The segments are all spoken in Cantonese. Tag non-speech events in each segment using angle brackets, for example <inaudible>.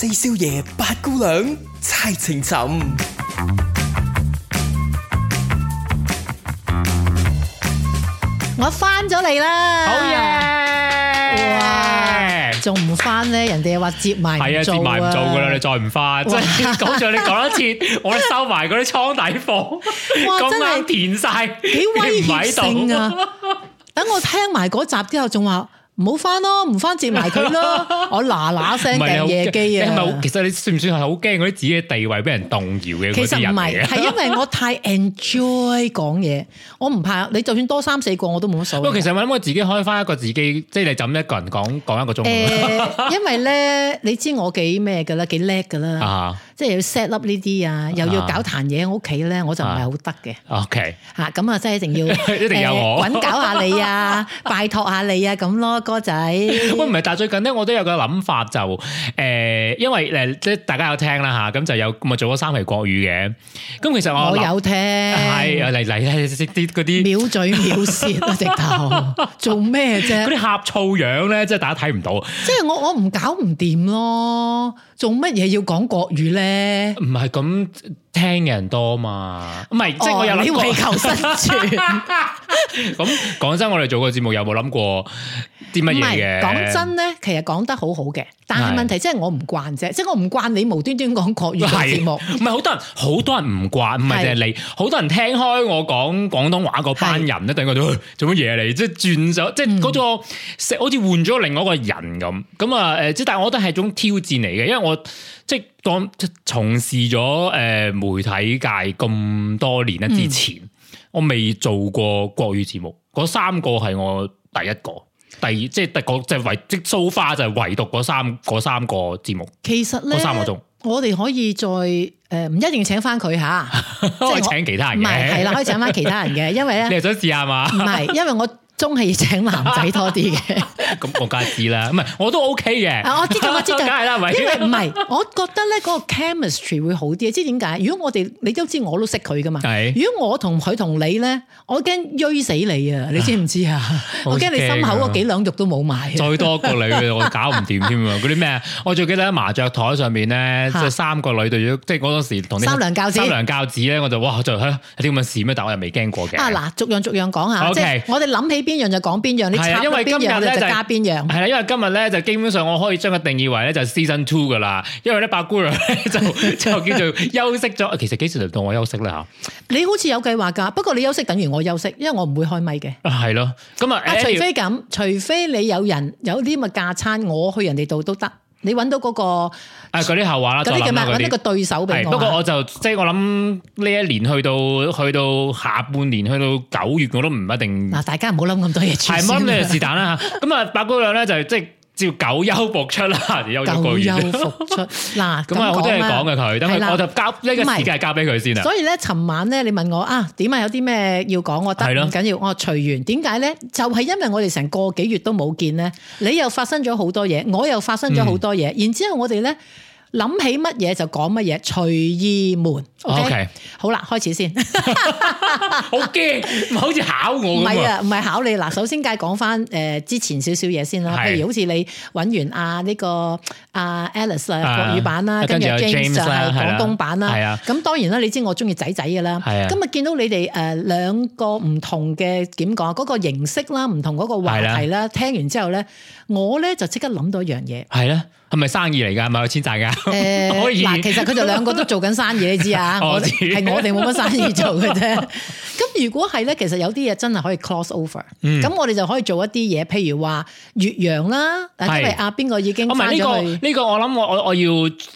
四少爺，八姑娘，猜情尋。我翻咗嚟啦，好嘢耶，哇，仲唔翻咧？人哋話接埋，係啊，接埋唔做㗎啦！你再唔翻，再講住你講一次， <laughs> 我都收埋嗰啲倉底貨，咁啱哇填晒，幾威盛啊！等我聽埋嗰集之後，仲話。唔好翻咯，唔翻接埋佢咯。 <laughs> 我嗱嗱聲嘅夜機啊，其實你算唔算係好驚嗰啲自己嘅地位俾人動搖嘅？其實唔係，係因為我太 enjoy 講嘢，我唔怕你就算多三四個我都冇乜所謂。其實我諗我自己開翻一個自己，即係你就咁一個人講講一個鐘，欸。因為咧，你知我幾咩㗎啦，幾叻㗎啦。啊即係要 set up 呢啲啊，又要搞壇嘢喺屋企咧，我就唔係好得嘅。OK，嚇咁啊，即係一定要，一定有我，搵搞下你啊，拜託下你啊，咁咯，哥仔。喂，唔係，但係最近咧，我都有個諗法，就誒，因為誒，即係大家有聽啦嚇，咁就有咪做咗三期國語嘅。咁其實我有聽，係嚟嚟係識啲嗰啲。秒嘴秒舌啊，直頭做咩啫？嗰啲呷醋樣咧，即係大家睇唔到。即係我我唔搞唔掂咯，做乜嘢要講國語咧？唔係咁聽嘅人多嘛？唔係，即係我有諗過求、 <laughs> 嗯、生存。咁 <laughs> 講真，我哋做個節目有冇諗過啲乜嘢嘅？講真咧，其實講得好好嘅，但係問題即係我唔慣啫，即係我唔慣你無端端講國語嘅節目。唔係好多人，好多人唔慣，唔係淨係你，好是多人聽開我講廣東話嗰班人咧，對我都做乜嘢嚟？即係轉咗，即係嗰個，好似換咗另外一個人咁。咁啊，誒，即係但係我覺得係種挑戰嚟嘅，因為我即係。當即從事咗誒、呃、媒體界咁多年咧，之前、嗯、我未做過國語節目，嗰三個係我第一個，第二即係第個即係唯即 so far 就係唯獨嗰三嗰三個節目。其實咧，嗰三個鐘，我哋可以再誒唔、呃、一定要請翻佢吓，即、啊、係 <laughs> 請其他人嘅，係啦， <laughs> <laughs> 可以請翻其他人嘅，因為咧你係想試下嘛？唔係，因為我。仲係要請男仔多啲嘅，咁我家知啦，唔係我都 OK 嘅，我知道，我知道。梗係啦，因為唔係，我覺得咧嗰個 chemistry 會好啲，知點解？如果我哋你都知，我都識佢噶嘛，如果我同佢同你咧，我驚追死你啊！你知唔知啊？我驚你心口嗰幾兩肉都冇埋，再多一個女嘅我搞唔掂添嘛！嗰啲咩？我最記得喺麻雀台上面咧，即係三個女對咗，即係嗰陣時同啲三娘教子，三娘教子咧我就哇就嚇有啲咁嘅事咩？但我又未驚過嘅。啊嗱，逐樣逐樣講下，即係我哋諗起。邊樣就講邊樣，你因今日樣就加邊樣。係啦，因為今日咧就，就基本上我可以將佢定義為咧就 season two 噶啦，因為咧八姑娘咧就就叫做休息咗。 <laughs> 其實幾時輪到我休息咧吓？你好似有計劃噶，不過你休息等於我休息，因為我唔會開咪嘅。係咯，咁啊，除非咁，除非你有人有啲咪架餐，我去人哋度都得。你揾到嗰、那個啲、啊、後話啦，啲叫咩？揾呢些個對手俾我。不過我就即係、就是、我諗呢一年去到去到下半年去到九月，我都唔一定。嗱、啊，大家唔好諗咁多嘢。係啱你就是但啦嚇。咁啊、 <laughs> 嗯，八姑娘咧就即、是、係。照九休復出啦，休復過於。出嗱，咁啊好多嘢講嘅佢，等的我就交呢是個時間交俾佢先啊。所以咧，尋晚咧，你問我啊，點解有啲咩要講？我得唔緊要，我隨緣。點解咧？就係、是、因為我哋成個幾月都冇見咧，你又發生咗好多嘢，我又發生咗好多嘢，嗯、然之後我哋咧。諗起乜嘢就講乜嘢，隨意門。O K，好啦，開始先。好驚，唔係好似考我。唔係啊，唔係考你嗱。首先梗係講翻誒之前少少嘢先啦。譬如好似你搵完啊呢個阿 Alice 啊，國語版啦，跟住 James 就係廣東版啦。咁當然啦，你知我中意仔仔嘅啦。咁啊見到你哋誒兩個唔同嘅，點講嗰個形式啦，唔同嗰個話題啦。聽完之後咧，我咧就即刻諗到一樣嘢。係咧，係咪生意嚟噶？係咪有錢賺噶？誒嗱，其實佢哋兩個都做緊生意，你知啊？我知，係我哋冇乜生意做嘅啫。咁如果係咧，其實有啲嘢真係可以 cross over。嗯，咁我哋就可以做一啲嘢，譬如話越洋啦。係，因為阿邊個已經翻咗去。呢個我諗我我我要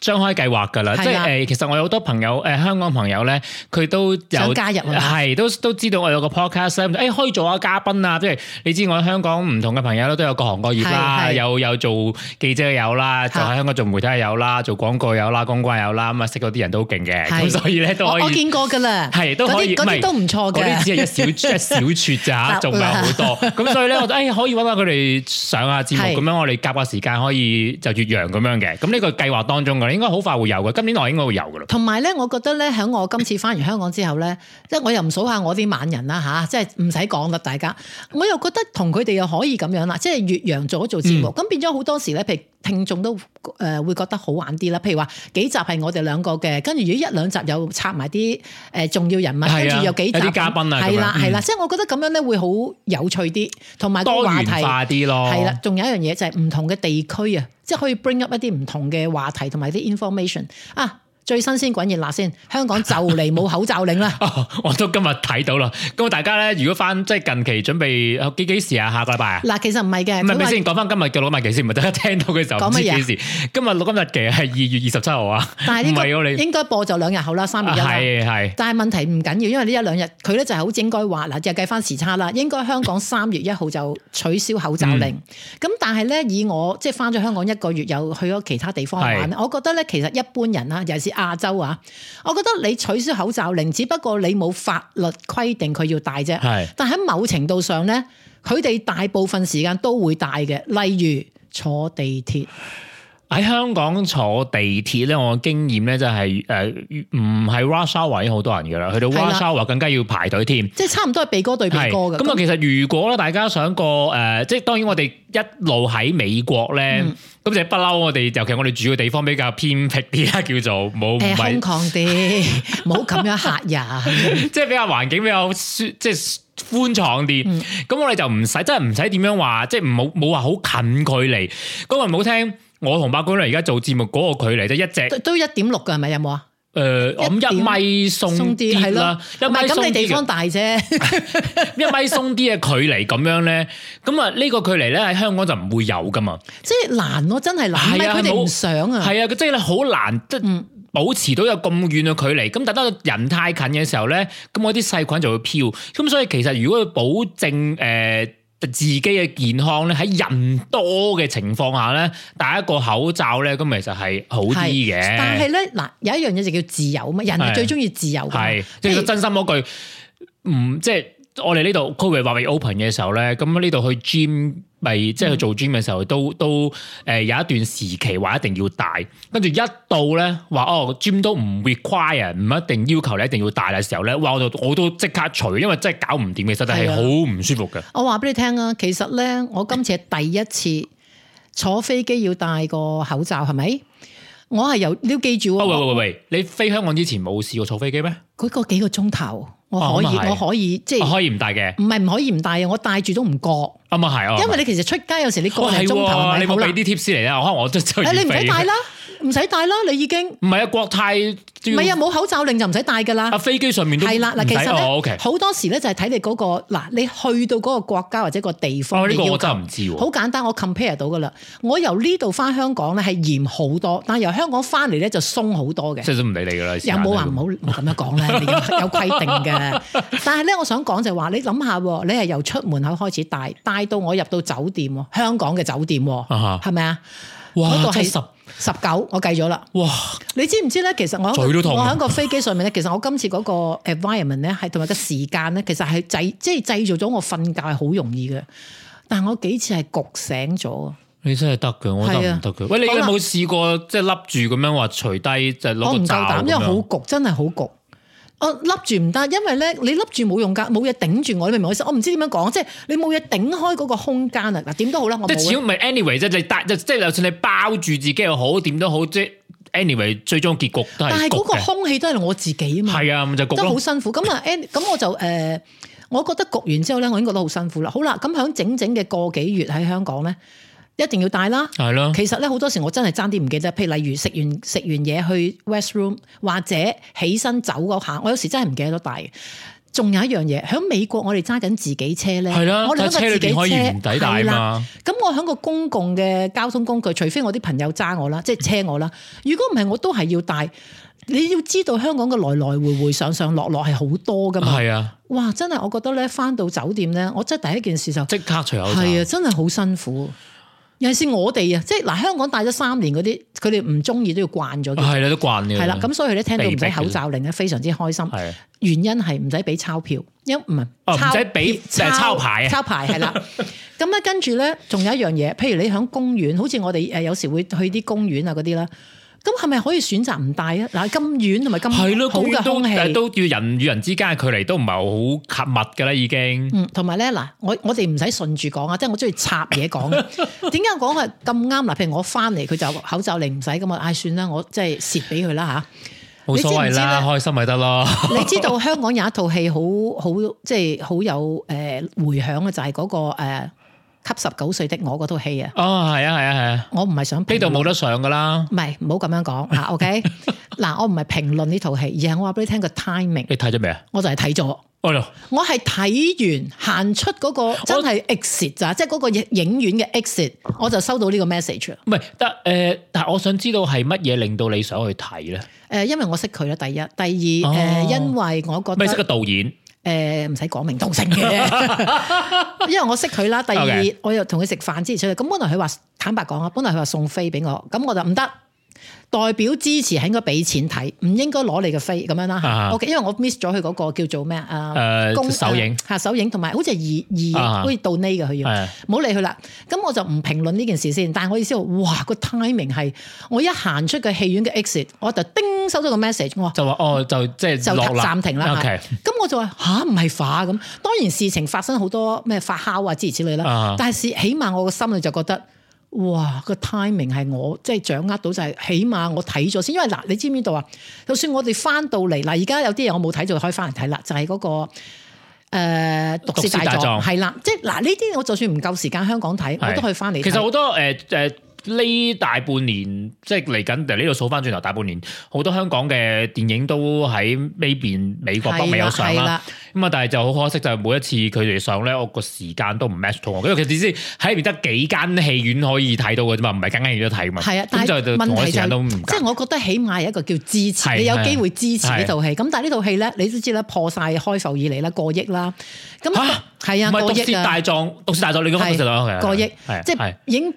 張開計劃㗎啦。係啊，即係誒，其實我有好多朋友誒，香港朋友咧，佢都有加入啊。係，都都知道我有個 podcast 咧，誒可以做下嘉賓啊。即係你知道我喺香港唔同嘅朋友咧，都有各行各業啦，有有做記者有啦，就喺香港做媒體有啦，做。廣告有啦，公關有啦，咁啊識啲人都好勁嘅，咁所以咧都我我見過噶啦，係，都啲都唔錯嘅。嗰啲只係一小一小撮咋，仲有好多。咁所以咧，我誒可以搵下佢哋上下節目，咁樣我哋夾下時間可以就越洋咁樣嘅。咁呢個計劃當中噶，應該好快會有嘅。今年內應該會有噶啦。同埋咧，我覺得咧，響我今次翻完香港之後咧，即係我又唔數下我啲猛人啦吓，即係唔使講啦，大家我又覺得同佢哋又可以咁樣啦，即係越洋做一做節目，咁變咗好多時咧，譬如。聽眾都誒會覺得好玩啲啦，譬如話幾集係我哋兩個嘅，跟住如果一兩集有插埋啲誒重要人物，跟住、啊、有幾集，啲嘉賓啊，係啦係啦，即係、嗯啊啊、我覺得咁樣咧會好有趣啲，同埋多元化啲咯，係啦、啊，仲有一樣嘢就係、係、唔同嘅地區啊，即係可以 bring up 一啲唔同嘅話題同埋啲 information 啊。最新鮮滾熱辣先，香港就嚟冇口罩令啦！我都今日睇到啦。咁啊，大家咧，如果翻即係近期準備幾幾時啊？下個禮拜啊？嗱，其實唔係嘅。唔係唔係先講翻今日嘅錄日期先，唔係第一聽到嘅時候講乜嘢事？今日錄今日期係二月二十七號啊！但係呢個應該播就兩日後啦，三月一號啦。係係。但係問題唔緊要，因為呢一兩日佢咧就係好應該話嗱，即係計翻時差啦。應該香港三月一號就取消口罩令。咁但係咧，以我即係翻咗香港一個月，又去咗其他地方玩咧，我覺得咧其實一般人啦，有時。亞洲啊，我覺得你取消口罩令，只不過你冇法律規定佢要戴啫。係是，但喺某程度上咧，佢哋大部分時間都會戴嘅，例如坐地鐵。喺香港坐地鐵咧，我經驗咧就係誒唔係 rush hour 已經好多人嘅啦，去到 rush hour 更加要排隊添。即係差唔多係鼻哥對鼻哥嘅。咁啊，其實如果咧大家想過誒、呃，即係當然我哋一路喺美國咧，咁就不嬲我哋，尤其我哋住嘅地方比較偏僻啲啦，叫做冇、呃、空曠啲，冇咁的樣嚇人。 <laughs> 即係比較環境比較舒，即、就、係、是、寬敞啲。咁、嗯、我哋就唔使真係唔使點樣話，即係冇冇話好近距離。講句唔好聽。我同八姑娘咧，而家做節目嗰、那個距離啫，一隻都一、呃、點六噶，係咪有冇啊？誒點，我咁一米鬆啲啦，一米咁你地方大啫，一 <laughs> <laughs> 米鬆啲嘅距離咁樣咧，咁啊呢個距離咧喺香港就唔會有噶嘛，即係難咯、啊，真係難，唔係佢哋唔想啊，係啊，即係咧好難，即係保持到有咁遠嘅距離，咁但係得人太近嘅時候咧，咁我啲細菌就會飄，咁所以其實如果要保證誒。呃自己嘅健康咧，喺人多嘅情況下咧，戴一個口罩咧，咁其實係好啲嘅。但係咧，嗱，有一樣嘢就叫自由啊嘛，人哋最中意自由。係是即係真心嗰句，唔是、嗯、即係。我哋呢度區域話未 open 嘅時候咧，咁呢度去 gym 咪即係去做 gym 嘅時候，都都誒有一段時期話一定要戴，跟住一到咧話哦 gym 都唔 require，唔一定要求你一定要戴嘅時候咧，哇我就我都即刻除，因為真係搞唔掂嘅，實在係好唔舒服嘅、啊。我話俾你聽啊，其實咧我今次係第一次坐飛機要戴個口罩，係咪？我係由你都記住啊！喂喂喂喂，我你飛香港之前冇試過坐飛機咩？嗰個幾個鐘頭。我可以，哦嗯、我可以、嗯、即係是可以唔戴嘅，唔係唔可以唔戴嘅，我戴住都唔過。啊嘛係哦，嗯嗯、因為你其實出街有時你個零鐘頭啊，你冇俾啲貼士嚟咧，可能我都就要你唔使戴啦。唔使戴啦，你已經唔係啊！國泰唔係啊！冇口罩令就唔使戴噶啦。啊，飛機上面都係啦。嗱，其實好、哦 okay. 多時咧就係睇你嗰、那個嗱，你去到嗰個國家或者個地方。呢、哦這個我真係唔知喎、啊。好簡單，我 compare 到噶啦。我由呢度返香港咧係嚴好多，但係由香港返嚟咧就鬆好多嘅。即係唔理你噶啦。有冇話唔好咁樣講咧？ <laughs> 有有規定嘅。但係咧，我想講就係、是、話，你諗下，你係由出門口開始戴，戴到我入到酒店，香港嘅酒店，係咪啊？嗰個係十十九，我計咗啦。哇！你知唔知咧？其實我都我喺個飛機上面咧， <laughs> 其實我今次嗰個 environment 咧，係同埋個時間咧，其實係製即係製造咗我瞓覺係好容易嘅。但係我幾次係焗醒咗。你真係得嘅，我覺得唔得嘅？的喂，你有冇試過即係笠住咁樣話除低就攞個罩？唔夠膽，因為好焗，真係好焗。我笠住唔得，因為咧你笠住冇用噶冇嘢頂住我，你明唔明我意思？我唔知點樣講，即係你冇嘢頂開嗰個空間啊！嗱，點都好啦，我即係只要唔係 anyway 啫，你即係就算你包住自己又好，點都好，即係 anyway 最終結局都係。但係嗰個空氣都係我自己啊嘛。係啊，就焗得好辛苦。咁啊 any 咁我就誒、呃，我覺得焗完之後咧，我已經覺得好辛苦啦。好啦，咁喺整整嘅個幾月喺香港咧。一定要帶啦，係咯。其實咧，好多時我真係爭啲唔記得，譬如例如食完食完嘢去 washroom，或者起身走嗰下，我有時真係唔記得帶。仲有一樣嘢，喺美國我哋揸緊自己車咧，的我哋喺個自己車唔抵帶嘛。咁我喺個公共嘅交通工具，除非我啲朋友揸我啦，即係車我啦。如果唔係，我都係要帶。你要知道香港嘅來來回回上上落落係好多噶嘛。係啊，哇！真係我覺得咧，翻到酒店咧，我真係第一件事就即刻除口罩的。係啊，真係好辛苦。尤其是我哋啊！即係嗱，香港戴咗三年嗰啲，佢哋唔中意都要慣咗嘅。係啦，都慣咗。係啦，咁所以佢哋聽到唔使口罩令咧，非常之開心。原因係唔使俾鈔票，因唔係唔使俾即係抄牌。抄牌係啦。咁咧跟住咧，仲有一樣嘢，譬如你喺公園，好似我哋誒有時會去啲公園啊嗰啲啦。咁係咪可以選擇唔戴啊？嗱，咁遠同埋咁好嘅空氣，都叫人與人之間嘅距離都唔係好近密嘅啦，已經。嗯，同埋咧，嗱，我我哋唔使順住講啊，即係我中意插嘢講。點解講啊？咁啱嗱，譬如我翻嚟佢就口罩嚟唔使咁啊，唉、哎，算啦，我即係蝕俾佢啦吓，冇所謂啦，知知開心咪得咯。 <laughs> 你知道香港有一套戲好好，即係好有誒迴響嘅，就係、是、嗰、那個、呃給十九歲的我嗰套戲啊！哦，係啊，係啊，係啊！我唔係想呢度冇得上㗎啦，唔係唔好咁樣講吓。OK，嗱，我唔係評論呢套戲，而係我話俾你聽個 timing。你睇咗未啊？我就係睇咗。我係睇完行出嗰個真係 exit 咋，即係嗰個影影院嘅 exit，我就收到呢個 message。唔係，但誒，但係我想知道係乜嘢令到你想去睇咧？誒，因為我識佢啦，第一，第二，誒，因為我覺得。識個導演。誒，唔使講明道姓嘅， <laughs> 因為我認識佢啦。第二 Okay. 我又同佢食飯之前，出去，咁本來佢話坦白講，本來佢話送飛俾我，咁我就唔得。代表支持係應該俾錢睇，唔應該攞你嘅飛咁樣啦。我因為我 miss 咗佢嗰個叫做咩啊？手影嚇，手影同埋好似二二好似到呢嘅佢要，唔好理佢啦。咁我就唔評論呢件事先。但係我意思話，哇，個 timing 係我一行出個戲院嘅 exit，我就叮收咗個 message，就話哦就即係就暫停啦。咁我就話吓，唔係化咁，當然事情發生好多咩發酵啊之類之類啦。但係起碼我個心裏就覺得。哇！個 timing 係我即係掌握到就係、是，起碼我睇咗先。因為嗱，你知唔知道啊？就算我哋翻到嚟嗱，而家有啲嘢我冇睇就可以翻嚟睇啦。就係、是、嗰、那個誒毒舌大狀係啦，即係嗱呢啲我就算唔夠時間香港睇，是我都可以翻嚟睇。其實好多誒誒。呃呃呢大半年即係嚟緊，嗱呢度數翻轉頭大半年，好多香港嘅電影都喺呢邊美國北美有上啦。咁啊，但係就好可惜，就每一次佢哋上咧，我個時間都唔 match 到。因為其實只知喺邊得幾間戲院可以睇到嘅啫嘛，唔係更間影都睇嘛。係啊，但係問題就即係我覺得起碼係一個叫支持，你有機會支持呢套戲。咁但係呢套戲咧，你都知啦，破晒開埠以嚟啦，過億啦。咁係啊，唔係過億大狀，大狀你講翻大狀啊，佢過億，即係已經。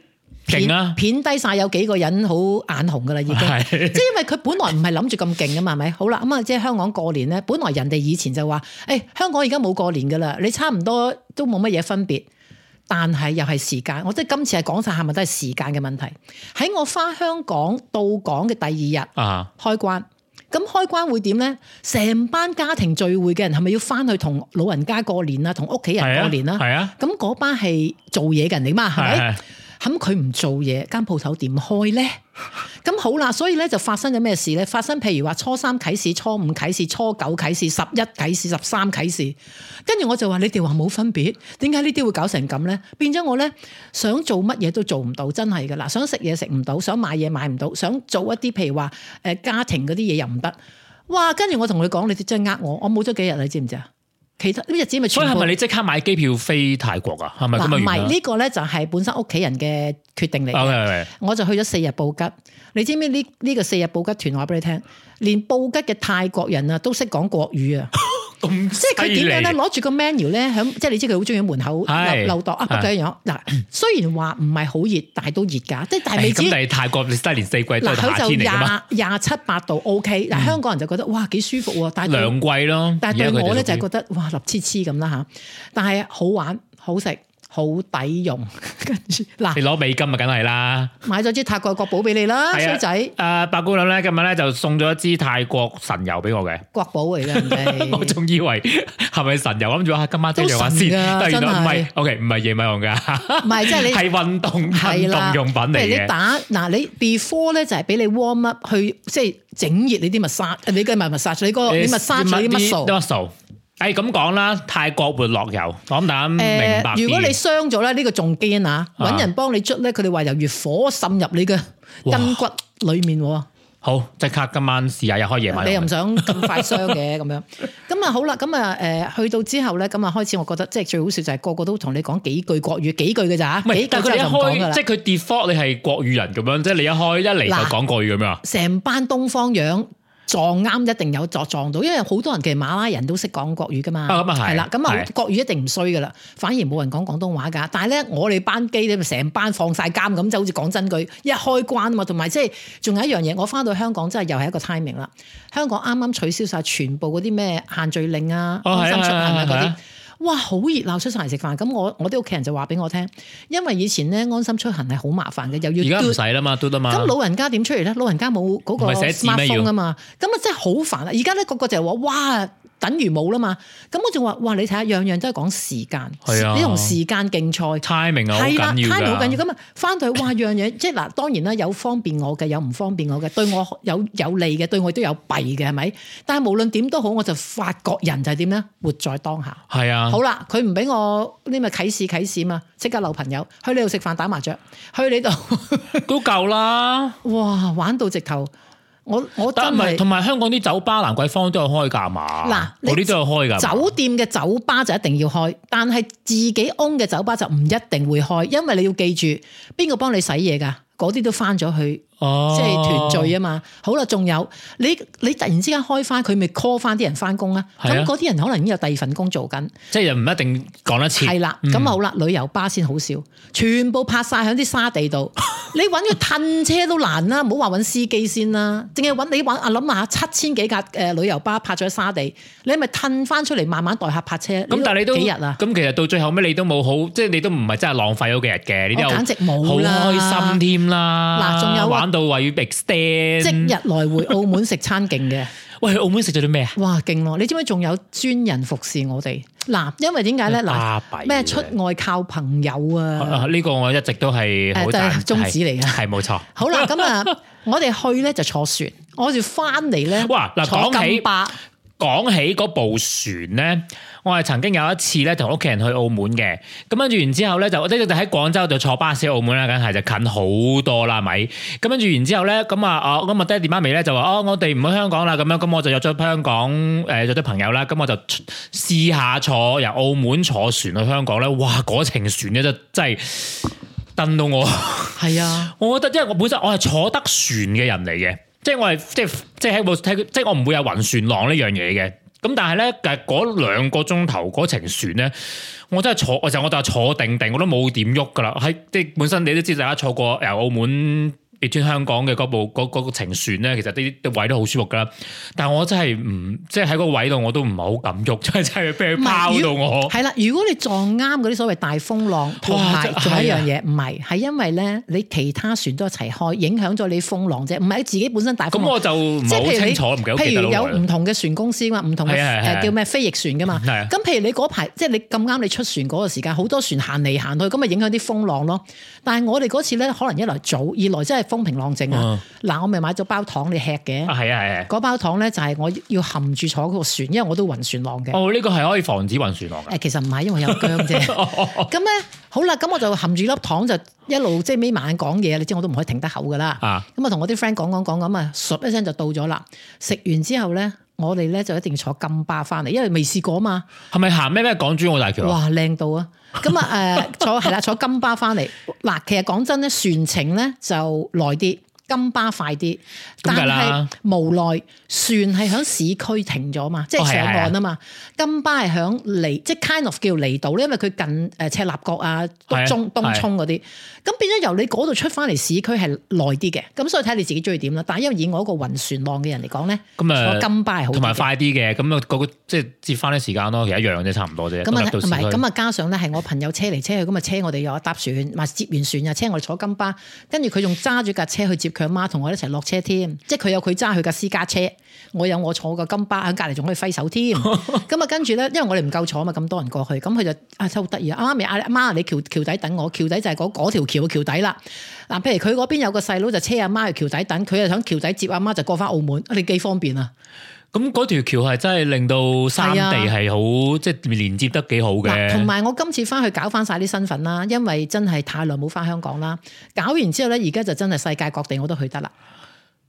啊片啊，片低晒有幾個人好眼紅噶啦，已經，即係是的 因為佢本來唔係諗住咁勁噶嘛，係咪、？ <laughs> 嗯？好啦，咁啊，即係香港過年咧，本來人哋以前就話，誒、哎，香港而家冇過年噶啦，你差唔多都冇乜嘢分別，但係又係時間，我即係今次係講晒係咪都係時間嘅問題？喺我翻香港到港嘅第二日啊哈 開、嗯，開關，咁開關會點咧？成班家庭聚會嘅人係咪要翻去同老人家過年啊？同屋企人過年啦？係啊，咁嗰班係做嘢嘅人嚟嘛？係。的咁佢唔做嘢，間鋪頭點開呢？咁好啦，所以咧就發生咗咩事呢？發生譬如話初三啟示、初五啟示、初九啟示、十一啟示、十三啟示，跟住我就話你哋話冇分別，點解呢啲會搞成咁呢？變咗我呢，想做乜嘢都做唔到，真係噶嗱，想食嘢食唔到，想買嘢買唔到，想做一啲譬如話誒家庭嗰啲嘢又唔得，哇！跟住我同佢講，你哋真係呃我，我冇咗幾日你知唔知啊？其實呢啲日子咪全部，所以係咪你即刻買機票飛泰國啊？係咪咁啊？唔係呢個咧就係本身屋企人嘅決定嚟嘅。Okay, right, right. 我就去咗四日布吉，你知唔知呢？呢、呢個四日布吉團我話俾你聽，連布吉嘅泰國人啊都識講國語啊。 <laughs> 即係佢點樣咧？攞住個 menu 咧，響即係你知佢好中意喺門口漏蕩是啊咁樣樣。嗱的、啊，雖然話唔係好熱，但係都熱噶。即係但係未知。咁但係泰國你得一年四季都係夏天就廿廿七八度 OK、嗯。嗱，香港人就覺得哇幾舒服喎、啊，但係兩季咯。但係對，對我咧就係覺得哇立黐黐咁啦吓，但係好玩好食。好抵用，跟住嗱，你攞美金啊，梗係啦，買咗支泰國國寶俾你啦，衰仔。誒，八姑娘咧今日咧就送咗一支泰國神油俾我嘅，國寶嚟嘅，我仲以為係咪神油，諗住話今晚都用翻先，但係唔係，OK，唔係夜晚用噶，唔係即係你係運動運動用品嚟嘅。打嗱，你 before 咧就係俾你 warm up 去即係整熱你啲 muscle，你嘅唔係 muscle，你個你 muscle 咗啲乜素。誒，咁講啦，泰國活絡油，講得明白啲。誒，如果你傷咗咧，呢個仲驚啊！搵人幫你捽咧，佢哋話由熱火滲入你嘅筋骨裏面。好，即刻今晚試下日開夜晚。你又唔想咁快傷嘅咁樣？咁啊好啦，咁啊誒，去到之後咧，咁啊開始，我覺得即係最好笑就係個個都同你講幾句國語幾句嘅咋吓？唔係，但係你一開，即係佢 default，你係國語人咁樣，即係你一開一嚟就講國語咁樣？成班東方樣。撞啱一定有撞撞到，因為好多人其實馬拉人都識講國語噶嘛，係、哦嗯、啦，咁啊國語一定唔衰噶啦，反而冇人講廣東話㗎。但係咧，我哋班機呢咪成班放晒監咁，就好似講真句，一開關啊嘛，同埋即係仲有一樣嘢，我返到香港真係又係一個 timing 啦。香港啱啱取消晒全部嗰啲咩限聚令啊，安心出行呀、係咪嗰啲？哇！好熱鬧，出晒嚟食飯，咁我我啲屋企人就話俾我聽，因為以前咧安心出行係好麻煩嘅，又要而家唔使啦嘛，都得嘛，咁老人家點出嚟咧？老人家冇嗰個 smartphone 啊嘛，咁啊真係好煩啊！而家咧個個就係話哇～等於冇啦嘛，咁我仲話：哇！你睇下，樣樣都係講時間，你同、啊、時間競賽，timing 啊，好緊要。timing 好緊要，咁啊，翻到去哇，樣樣即係嗱，當然啦，有方便我嘅，有唔方便我嘅，對我有有利嘅，對我都有弊嘅，係咪？但係無論點都好，我就發覺人就係點咧，活在當下。係啊，好啦，佢唔俾我啲咪啓示啓示，示嘛，即刻留朋友去你度食飯打麻雀，去你度都夠啦。 <laughs> 哇，玩到直頭。我我真係同埋香港啲酒吧蘭桂坊都有開噶嘛？嗱，嗰啲都有開㗎。酒店嘅酒吧就一定要開，但係自己安嘅酒吧就唔一定會開，因為你要記住邊個幫你洗嘢㗎，嗰啲都返咗去。哦，即係團聚啊嘛，好啦，仲有你你突然之間開翻佢咪 call 翻啲人翻工啊？咁嗰啲人可能已經有第二份工做緊，即係又唔一定講得切。係啦的，咁、嗯、好啦，旅遊巴先好少，全部泊晒喺啲沙地度， <laughs> 你搵個褪車都難啦，唔好話搵司機先啦，淨係搵你搵啊諗下七千幾架誒旅遊巴泊咗喺沙地，你咪褪翻出嚟慢慢代客泊車。咁但係你都，你都幾日啊？咁其實到最後尾你都冇好，即係你都唔係真係浪費咗幾日嘅。你又簡直冇啦，開心添啦。嗱，仲有玩 到維也納，即日來回澳門食餐勁嘅。喂，去澳門食咗啲咩啊？哇，勁咯！你知唔知仲有專人服侍我哋？嗱，因為點解咧？嗱，咩出外靠朋友啊？呢、啊啊這個我一直都係誒，呃就是、宗旨嚟嘅。係冇錯。錯，好啦，咁啊， <laughs> 我哋去咧就坐船，我哋翻嚟咧哇，嗱，講起，坐金巴。講起嗰部船咧，我係曾經有一次咧，同屋企人去澳門嘅。咁跟住然之後咧，就，呢就喺廣州就坐巴士去澳門啦，梗係就近好多啦，咪。咁跟住然之後咧，咁啊，哦，咁阿爹哋媽咪咧就話，哦，我哋唔去香港啦，咁樣，咁我就約咗香港誒、呃，約咗朋友啦，咁我就試下坐由澳門坐船去香港咧，哇，嗰程船咧就真係瞪到我。係啊， <laughs> 我覺得因為我本身我係坐得船嘅人嚟嘅。即係我係，即係即係喺部睇，即係我唔會有暈船浪呢樣嘢嘅。咁但係咧，嗰兩個鐘頭嗰程船咧，我真係坐，我就我就坐定定，我都冇點喐㗎喇。喺，即係本身你都知大家坐過由澳門，別住香港嘅嗰部嗰嗰程船咧，其實啲位都好舒服噶啦。但係我真係唔，即係喺個位度我都唔係好敢喐，真係真係俾佢拋到我。係啦，如果你撞啱嗰啲所謂大風浪同埋仲有一樣嘢，唔係係因為咧你其他船都一齊開，影響咗你風浪啫。唔係你自己本身大風浪。咁我就唔好清楚，譬如有唔同嘅船公司嘛，唔同嘅叫咩飛翼船噶嘛。咁譬如你嗰排即係你咁啱你出船嗰個時間，好多船行嚟行去，咁咪影響啲風浪咯。但係我哋嗰次咧，可能一來早，二來真係。風平浪靜啊！嗱、嗯，我咪買咗包糖你吃嘅。係啊，係、啊。嗰、啊、包糖咧就係、是、我要含住坐嗰個船，因為我都暈船浪嘅。哦，呢個係可以防止暈船浪嘅。誒，其實唔係，因為有薑啫。咁咧， <laughs> <laughs> 好啦，咁我就含住粒糖就一路即係眯埋眼講嘢，你知我都唔可以停得口噶啦。咁啊，同、嗯、我啲 friend 講講講咁啊，唰一聲就到咗啦。食完之後咧。我哋呢就一定要坐金巴返嚟，因為未試過啊嘛。係咪行咩咩港珠澳大橋漂亮啊？哇 <laughs> 靚到啊！咁啊，坐係啦，坐金巴返嚟。嗱，其實講真呢，船程呢就耐啲。金巴快啲，但係無奈船係響市區停咗嘛，即係上岸啊嘛。金巴係響離，即係 kind of 叫離島咧，因為佢近誒赤鱲角啊、中的東東湧嗰啲。咁的變咗由你嗰度出翻嚟市區係耐啲嘅，咁所以睇下你自己中意點啦。但係因為以我一個暈船浪嘅人嚟講咧，嗯、坐金巴係好同埋快啲嘅，咁啊嗰個即係、就是、節翻啲時間咯，其實一樣啫，差唔多啫。咁啊那，同埋咁啊，加上咧係我朋友車嚟車去，咁啊車我哋又搭船，話 <laughs> 接完船啊，車我哋坐金巴，跟住佢仲揸住架車去接。佢阿媽同我一齊落車添，即係佢有佢揸佢嘅私家車，我有我坐個金巴喺隔離仲可以揮手添。咁啊跟住咧，因為我哋唔夠坐啊嘛，咁多人過去，咁佢就啊、哎、真好得意啊！阿媽咪，阿阿媽，你橋橋底等我，橋底就係講嗰條橋嘅橋底啦。嗱，譬如佢嗰邊有個細佬就車阿媽去橋底等，佢又想橋底接阿媽，媽就過翻澳門，你幾方便啊？咁嗰條橋係真係令到三地係好即係連接得幾好嘅。同埋我今次翻去搞翻晒啲身份啦，因為真係太耐冇翻香港啦。搞完之後咧，而家就真係世界各地我都去得啦。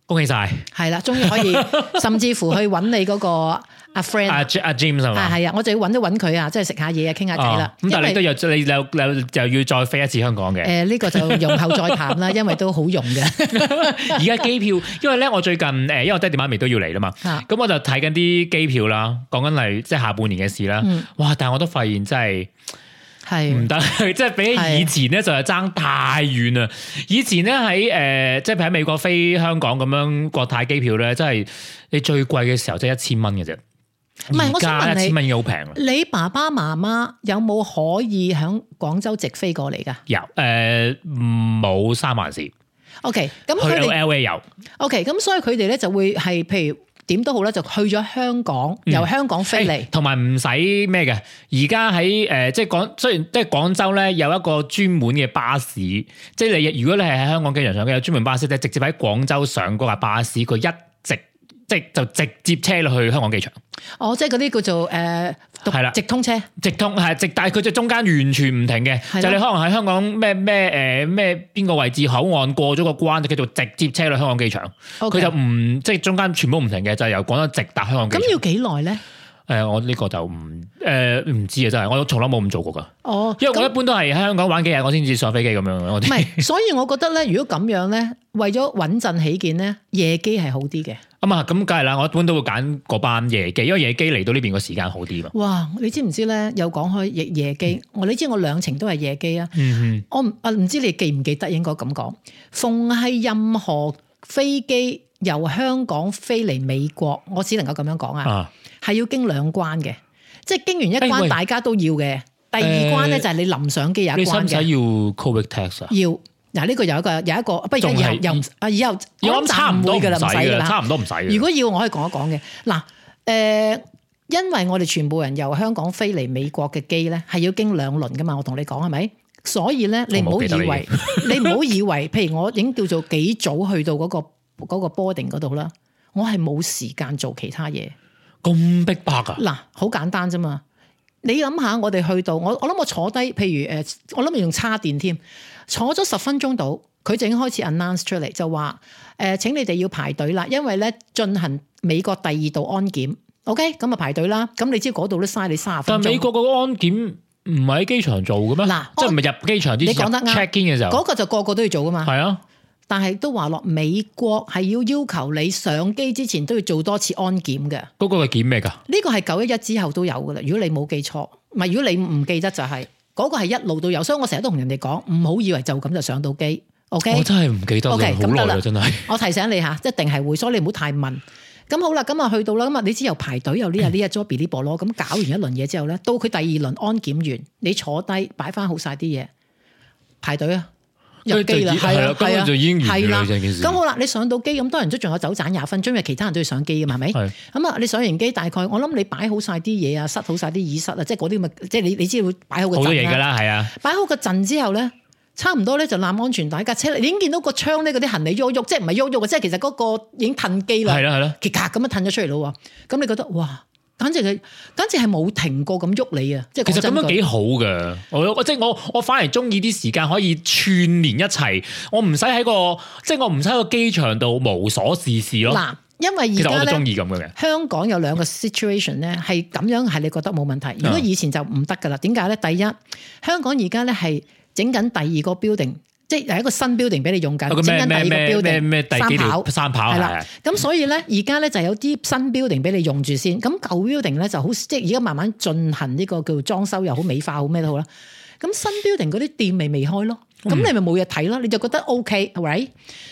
恭喜晒，係啦，終於可以，甚至乎去揾你嗰個阿 friend 阿阿 James 啊，係啊，我就要揾一揾佢啊，即係食下嘢啊，傾下偈啦。咁但係你都要，你又又又要再飛一次香港嘅？誒呢個就容後再談啦，因為都好用嘅。而家機票，因為咧我最近誒，因為我爹哋媽咪都要嚟啦嘛，咁我就睇緊啲機票啦，講緊嚟，即係下半年嘅事啦。哇！但係我都發現真係。係唔得，即係比起以前咧就係爭太遠啦。以前咧喺誒，即係喺美國飛香港咁樣國泰機票咧，真係你最貴嘅時候即係一千蚊嘅啫。唔係，而家一千蚊已經好平啦。你爸爸媽媽有冇可以喺廣州直飛過嚟噶？有誒，冇、呃、三萬線。O K，咁去到 L A 有。O K，咁所以佢哋咧就會係譬如。點都好咧，就去咗香港，嗯、由香港飛嚟，同埋唔使咩嘅。而家喺誒，即係廣，雖然即係廣州咧有一個專門嘅巴士，即係你如果你係喺香港機場上嘅有專門巴士，咧直接喺廣州上嗰架巴士，佢一。直就直接車落去香港機場。哦，即係嗰啲叫做誒，係、呃、啦，直通車，直通係直，但係佢就中間完全唔停嘅，的就你可能喺香港咩咩誒咩邊個位置口岸過咗個關，就叫做直接車落香港機場。佢 Okay. 就唔即係中間全部唔停嘅，就是、由廣州直達香港機場。咁要幾耐咧？誒、呃，我呢個就唔誒唔知啊，真係我都從嚟冇咁做過噶。哦，因為我一般都係喺香港玩幾日，我先至上飛機咁樣。唔係，所以我覺得咧，如果咁樣咧，為咗穩陣起見咧，夜機係好啲嘅。啊，咁梗係啦，我一般都會揀嗰班夜機，因為夜機嚟到呢邊個時間好啲嘛。哇，你知唔知咧？又講開夜夜機，我、嗯、你知我兩程都係夜機啊。嗯嗯。我唔、啊，唔知你記唔記得？應該咁講，逢係任何飛機由香港飛嚟美國，我只能夠咁樣講啊，係要經兩關嘅，即係經完一關，大家都要嘅。欸、第二關咧、欸、就係你臨上機有一關嘅。使唔使要 covid test 啊？要。嗱，呢個有一個有一個，一個不如又啊又，我諗差唔多噶啦，唔使噶啦，差唔多唔使。如果要，我可以講一講嘅。嗱，誒，因為我哋全部人由香港飛嚟美國嘅機咧，係要經兩輪噶嘛，我同你講係咪？所以咧，你唔好以為，你唔好以為， <laughs> 譬如我已經叫做幾早去到嗰個、嗰個 boarding 嗰度啦，我係冇時間做其他嘢。咁逼迫，迫啊！嗱、呃，好簡單啫嘛。你諗下，我哋去到我我諗我坐低，譬如誒，我諗要用叉電添。坐咗十分鐘度，佢就已經開始 announce 出嚟，就話誒、呃，請你哋要排隊啦，因為咧進行美國第二度安檢，OK，咁啊排隊啦。咁你知嗰度都嘥你三十分。但美國嗰個安檢唔係喺機場做嘅咩？嗱喇，即係唔係入機場啲，你講得啱，check in 嘅時候，嗰個就個個都要做噶嘛。係啊，但係都話落美國係要要求你上機之前都要做多次安檢嘅。嗰個係檢咩噶？呢個係九一一之後都有噶啦。如果你冇記錯，唔係如果你唔記得就係、是。嗰個係一路都有，所以我成日都同人哋講，唔好以為就咁就上到機。OK? OK，我真係唔記得咗好耐啦，OK, 真係。 <laughs> 我提醒你吓，一定係會，所以你唔好太問。咁好啦，咁啊去到啦，咁啊你知又排隊又呢啊呢啊 Joey 呢啊 Bolo，咁搞完一輪嘢之後咧，到佢第二輪安檢完，你坐低擺翻好晒啲嘢，排隊啊！機啦，係啦，就已經完嘅啦。件的事咁的的好啦，你上到機咁當然都仲有走盞廿分鐘。因為其他人都要上機嘅嘛？係咪？咁啊，你上完機大概，我諗你擺好晒啲嘢啊，塞好晒啲耳塞啊，即係嗰啲咪即係你，你知會擺好嘅。好嘢噶啦，係啊。擺好個陣之後咧，差唔多咧就攬安全帶架車。你見到個窗咧，嗰啲行李喐喐，即係唔係喐喐嘅，即係其實嗰個已經褪機啦。係啦係啦，咔咁啊褪咗出嚟咯。咁你覺得哇？簡直佢，簡直係冇停過咁喐你啊！即係其實咁樣幾好噶，我即係我我反而中意啲時間可以串連一齊，我唔使喺個即係我唔使喺個機場度無所事事咯。嗱，因為而家咧其實我都中意咁樣嘅，香港有兩個 situation 咧，係咁樣係你覺得冇問題。如果以前就唔得噶啦，點解咧？第一，香港而家咧係整緊第二個 building。即係一個新 building 俾你用緊，整緊第二個 building，嗰個咩咩咩咩第幾條三跑，三跑係啦。咁、嗯、所以咧，而家咧就有啲新 building 俾你用住先，咁舊 building 咧就好，即係而家慢慢進行呢個叫做裝修又好美化好咩都好啦。咁新 building 嗰啲店咪未開咯，咁、嗯、你咪冇嘢睇咯，你就覺得 OK，係咪、right？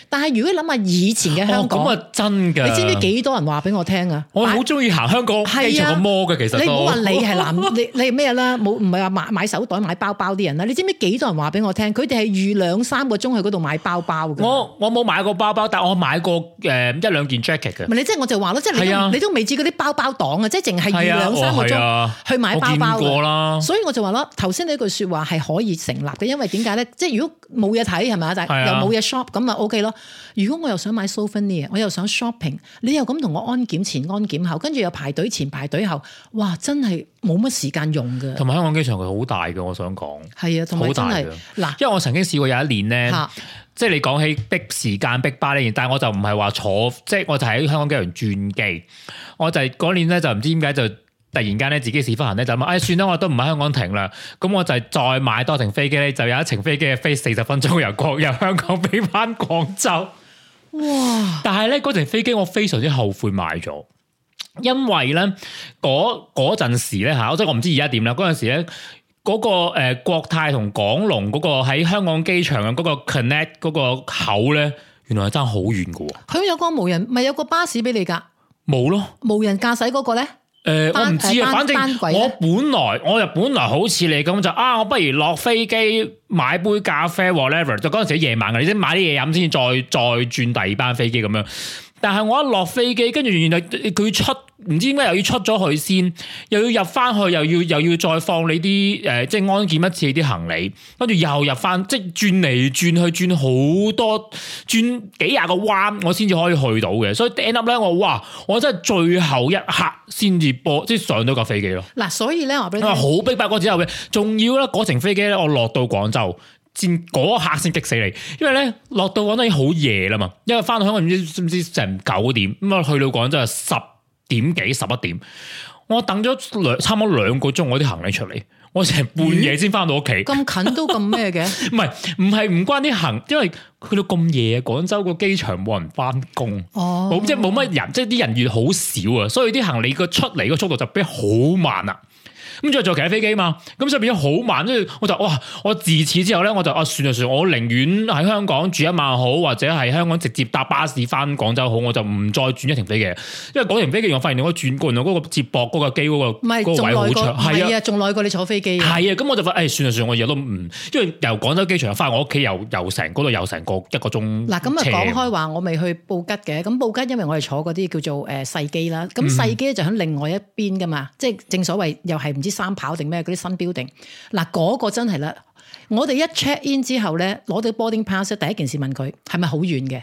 但係如果諗下以前嘅香港，咁啊、哦、真嘅，你知唔知幾多人話俾我聽啊？我好中意行香港，幾多個 mall 嘅其實。你唔好話你係男，你你咩啦？冇唔係話買買手袋、買包包啲人啦。你知唔知幾多人話俾我聽？佢哋係預兩三個鐘去嗰度買包包嘅。我我冇買過包包，但我買過誒一兩件 jacket 嘅。你即係我就話咯，即係、啊、你都未知嗰啲包包檔啊，即係淨係預兩三個鐘去買包包。我見過啦、啊。所以我就話咯，頭先你一句說話係可以成立嘅，因為點解咧？即係如果。冇嘢睇係咪啊？但係又冇嘢 shop 咁咪 OK 咯。如果我又想買 Souvenir，我又想 shopping，你又咁同我安檢前，前安檢後，跟住又排隊前，前排隊後，哇！真係冇乜時間用嘅。同埋香港機場佢好大嘅，我想講係啊，同埋真係好大嗱，喇因為我曾經試過有一年咧，即係喇你講起逼時間逼巴呢件，啊、但係我就唔係話坐，即、就、係、是、我就喺香港機場轉機，我就嗰、是、年咧就唔知點解就。突然間咧，自己試翻行咧，就問，哎，算啦，我都唔喺香港停啦。咁我就再買多程飛機咧，就有一程飛機嘅飛四十分鐘由國由香港飛翻廣州。哇！但係咧，嗰程飛機我非常之後悔買咗，因為咧，嗰嗰陣時咧吓，即係我唔知而家點啦。嗰陣時咧，嗰、那個誒、呃、國泰同港龍嗰個喺香港機場嘅嗰個 connect 嗰個口咧，原來係爭好遠噶。佢有個無人，咪有個巴士俾你噶？冇咯了，無人駕駛嗰個咧。誒、呃、班我唔知啊，班反正我本來，我又本，本來好似你咁就啊，我不如落飛機買杯咖啡 whatever，就嗰陣時夜晚嘅，你先買啲嘢飲先，再再轉第二班飛機咁樣。但係我一落飛機，跟住原來佢出唔知點解又要出咗去先，又要入翻去，又要又要再放你啲誒、呃，即係安檢一次啲行李，跟住又入翻，即係轉嚟轉去轉好多轉幾廿個彎，我先至可以去到嘅。所以 end up 咧，我哇，我真係最後一刻先至播，先上到架飛機咯。嗱，所以咧我俾你好逼八個字入去，仲要啦，嗰程飛機咧，我落到廣州。先嗰刻先激死你，因為咧落到廣州已經好夜啦嘛，因為翻到香港唔知唔知成九點，咁啊去到廣州十點幾十一點，我等咗兩差唔多兩個鐘，我啲行李出嚟，我成半夜先翻到屋企。咁、嗯、 <laughs> 近都咁咩嘅？唔係唔係唔關啲行，因為去到咁夜，廣州個機場冇人翻工，哦，即係冇乜人，即係啲人員好少啊，所以啲行李個出嚟個速度就比好慢啊。咁即係坐其他飛機嘛？咁所以變咗好慢，跟住我就哇！我自此之後咧，我就啊算就算，我寧願喺香港住一晚好，或者係香港直接搭巴士翻廣州好，我就唔再轉一程飛機。因為嗰程飛機我發現原來轉過原嗰個接駁嗰、那個機嗰、那個唔係仲耐過係啊，仲耐、啊、過你坐飛機。係啊，咁、啊、我就發誒、哎、算就算，我以後都唔，因為由廣州機場翻我屋企又又成嗰度又成個一個鐘嗱。咁啊講開話，我未去布吉嘅。咁布吉因為我係坐嗰啲叫做誒、呃、細機啦。咁細機咧就喺另外一邊噶嘛。即係、嗯、哼正所謂又係唔。啲三跑定咩？嗰啲新 building，嗱嗰個真係啦。我哋一 check in 之後咧，攞到 boarding pass 第一件事問佢係咪好遠嘅？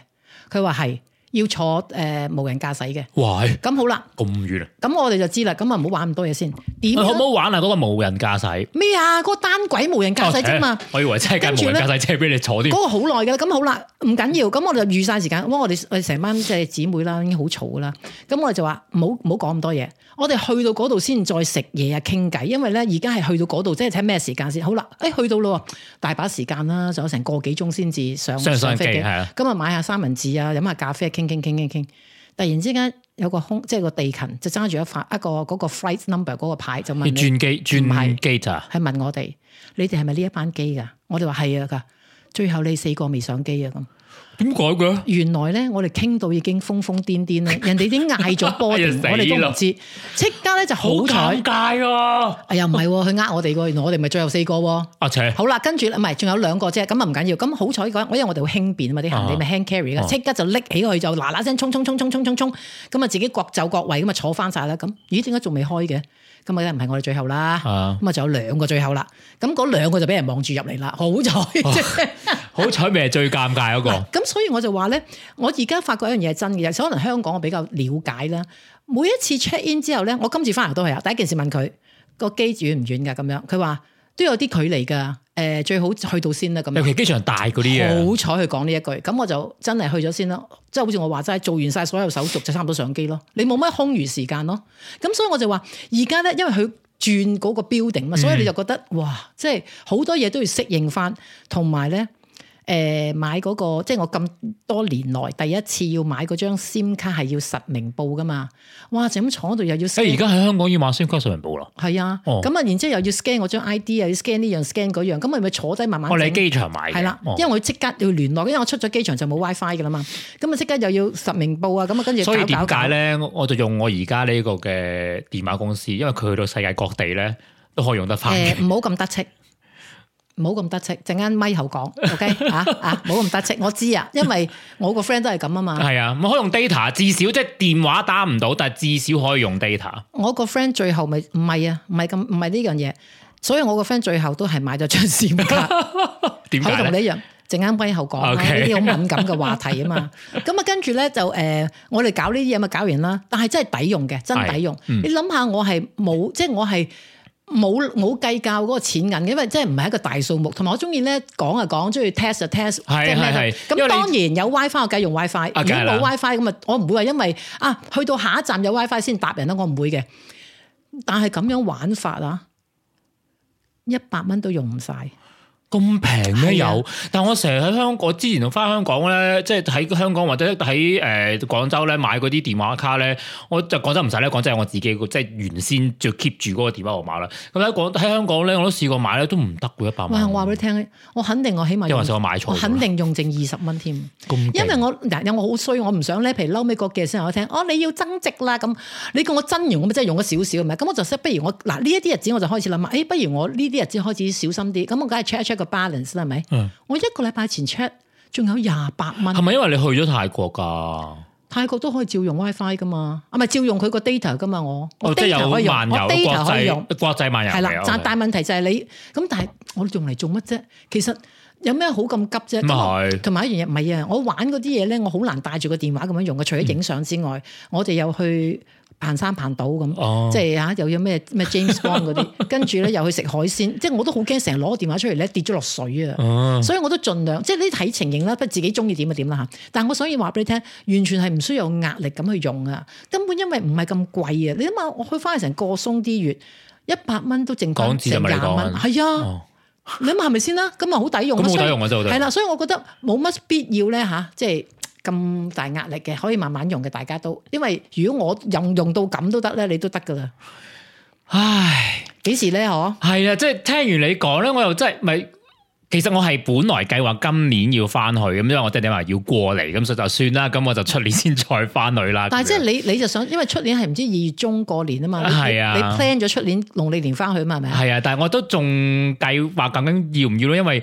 佢話係要坐誒、呃、無人駕駛嘅。喂，咁好啦，咁遠啊？咁我哋就知啦。咁啊，唔好玩咁多嘢先。點好唔好玩啊？嗰、那個無人駕駛咩啊？嗰、那個單軌無人駕駛啫嘛？Okay, 我以為真係間無人駕駛車俾你坐啲。嗰、那個好耐噶啦。咁好啦，唔緊要。咁我哋就預晒時間。哇！我哋我哋成班細姊妹啦，已經好嘈啦。咁我哋就話唔好唔好講咁多嘢。我哋去到嗰度先再食嘢啊，傾偈，因為咧而家係去到嗰度，即係睇咩時間先。好啦，誒去到啦，大把時間啦，仲有成個幾鐘先至上上飛機。咁啊的買下三文治啊，飲下咖啡，傾傾傾傾傾。突然之間有個空，即係個地勤就揸住一塊一個嗰個 flight number 嗰個牌，就問轉機轉機啊，係問我哋你哋係咪呢一班機噶？我哋話係啊噶。最後你四個未上機啊咁。點改嘅？原來咧，我哋傾到已經瘋瘋癲癲咧， <laughs> 人哋已經嗌咗波，啊哎啊、我哋都唔知。即刻咧就好彩，好尷尬哦！哎呀，唔係，佢呃我哋喎，原來我哋咪最後四個喎。啊，邪好啦，跟住唔係仲有兩個啫，咁啊唔緊要。咁好彩講，我因為我哋好輕便啊嘛，啲行李咪 hand carry 啦，啊。即刻就拎起佢，就嗱嗱聲，衝衝衝衝衝衝衝，咁啊自己各就各位咁啊坐翻晒啦。咁咦，點解仲未開嘅？今日咧唔係我哋最後啦，咁啊仲有兩個最後啦，咁嗰兩個就俾人望住入嚟啦，好彩好彩未係最尷尬嗰、那個。咁、啊、所以我就話咧，我而家發覺一樣嘢係真嘅，所以可能香港我比較了解啦。每一次 check in 之後咧，我今次翻嚟都係啊，第一件事問佢個機場遠唔遠㗎咁樣，佢話都有啲距離㗎。誒、呃、最好去到先啦，咁尤其機場大嗰啲嘢。好彩佢講呢一句，咁我就真係去咗先咯，即係好似我話齋，做完晒所有手續就差唔多上機咯，你冇乜空餘時間咯，咁所以我就話而家咧，因為佢轉嗰個 building 嘛，所以你就覺得、嗯、哇，即係好多嘢都要適應翻，同埋咧。誒買嗰、那個，即係我咁多年來第一次要買嗰張 SIM 卡係要實名報噶嘛？哇！就咁坐喺度又要誒，而家喺香港要買 SIM 卡實名報咯。係啊，咁啊、哦，然之後又要 scan 我張 ID 又要 scan 呢樣 scan 嗰樣，咁咪、這個這個、坐低慢慢。我了哦，你機場買嘅，因為我即刻要聯絡，因為我出咗機場就冇 WiFi 嘅啦嘛。咁啊，即刻又要實名報啊，咁啊，跟住。所以點解咧？樣我就用我而家呢個嘅電話公司，因為佢去到世界各地咧都可以用得翻。唔好咁得戚。唔好咁得戚，陣間咪後講，OK 啊啊，冇咁得戚，我知啊，因為我個 friend 都係咁啊嘛。係啊，可以用 data，至少即係電話打唔到，但係至少可以用 data。我個 friend 最後咪唔係啊，唔係咁，唔係呢樣嘢，所以我個 friend 最後都係買咗張 SIM 卡。點同 <laughs> 你一樣？陣間咪後講啦，呢啲好敏感嘅話題啊嘛。咁啊， <laughs> 跟住咧就誒、呃，我哋搞呢啲嘢咪搞完啦。但係真係抵用嘅，真抵用。嗯、你諗下，我係冇，即係我係。冇冇計較嗰個錢銀，因為即係唔係一個大數目，同埋我中意咧講就講，中意 test 就 test。係係係。咁當然有 WiFi 我梗係用 WiFi，如果冇 WiFi 咁啊，咦，我唔會話因為啊去到下一站有 WiFi 先搭人啦，我唔會嘅。但係咁樣玩法啊，一百蚊都用唔晒。咁平咧有，是啊、但我成日喺香港，之前同翻香港咧，即係喺香港或者喺誒廣州咧買嗰啲電話卡咧，我就講真唔使咧，講真係我自己即係原先就 keep 住嗰個電話號碼啦。咁喺廣喺香港咧，我都試過買咧，都唔得㗎，一百蚊。我話俾你聽，我肯定我起碼用，因為我買錯，我肯定用剩二十蚊添。擊因為我嗱，我好衰，我唔想咧，譬如撈美國嘅先我聽，哦，你要增值啦咁，你叫我增容，咁咪真係用咗少少咪，咁我就不如我嗱呢一啲日子我就開始諗啊，誒、欸、不如我呢啲日子開始小心啲，咁我梗係 check 一 check balance 啦，咪我一個禮拜前 check，仲有廿八蚊。係咪因為你去咗泰國噶？泰國都可以照用 WiFi 噶嘛，啊咪照用佢個 data 噶嘛，我、哦、我 data 可以用，漫我 data 可以用國際漫遊係啦。但大問題就係你咁，但係我用嚟做乜啫？其實有咩好咁急啫？咁同埋一樣嘢唔係啊，我玩嗰啲嘢咧，我好難帶住個電話咁樣用嘅，除咗影相之外，嗯、我哋又去。爬山爬島咁，即係吓又要咩咩 James Bond 嗰啲，跟住咧又去食海鮮，即係我都好驚成日攞個電話出嚟咧跌咗落水啊！Oh. 所以我都盡量，即係呢睇情形啦，不自己中意點就點啦吓。但係我所以話俾你聽，完全係唔需要壓力咁去用啊，根本因為唔係咁貴啊！ <laughs> 你諗下，我開翻成個鬆啲月，一百蚊都淨廿蚊，港紙係咪港？係啊，你諗下係咪先啦？咁啊好抵用，咁好抵用啊真係！係啦，所以我覺得冇乜必要咧吓，即、啊、係。就是咁大壓力嘅，可以慢慢用嘅，大家都，因為如果我用用到咁都得咧，你都得噶啦。唉，幾時咧？嗬，係啊，即係聽完你講咧，我又真係咪？其實我係本來計劃今年要翻去，咁因為我爹哋話要過嚟，咁所以就算啦，咁我就出年先再翻去啦。但係即係你你就想，因為出年係唔知二月中過年啊嘛，係啊，你 plan 咗出年農曆年翻去啊嘛，係咪？係啊，但係我都仲計劃緊緊要唔要咯，因為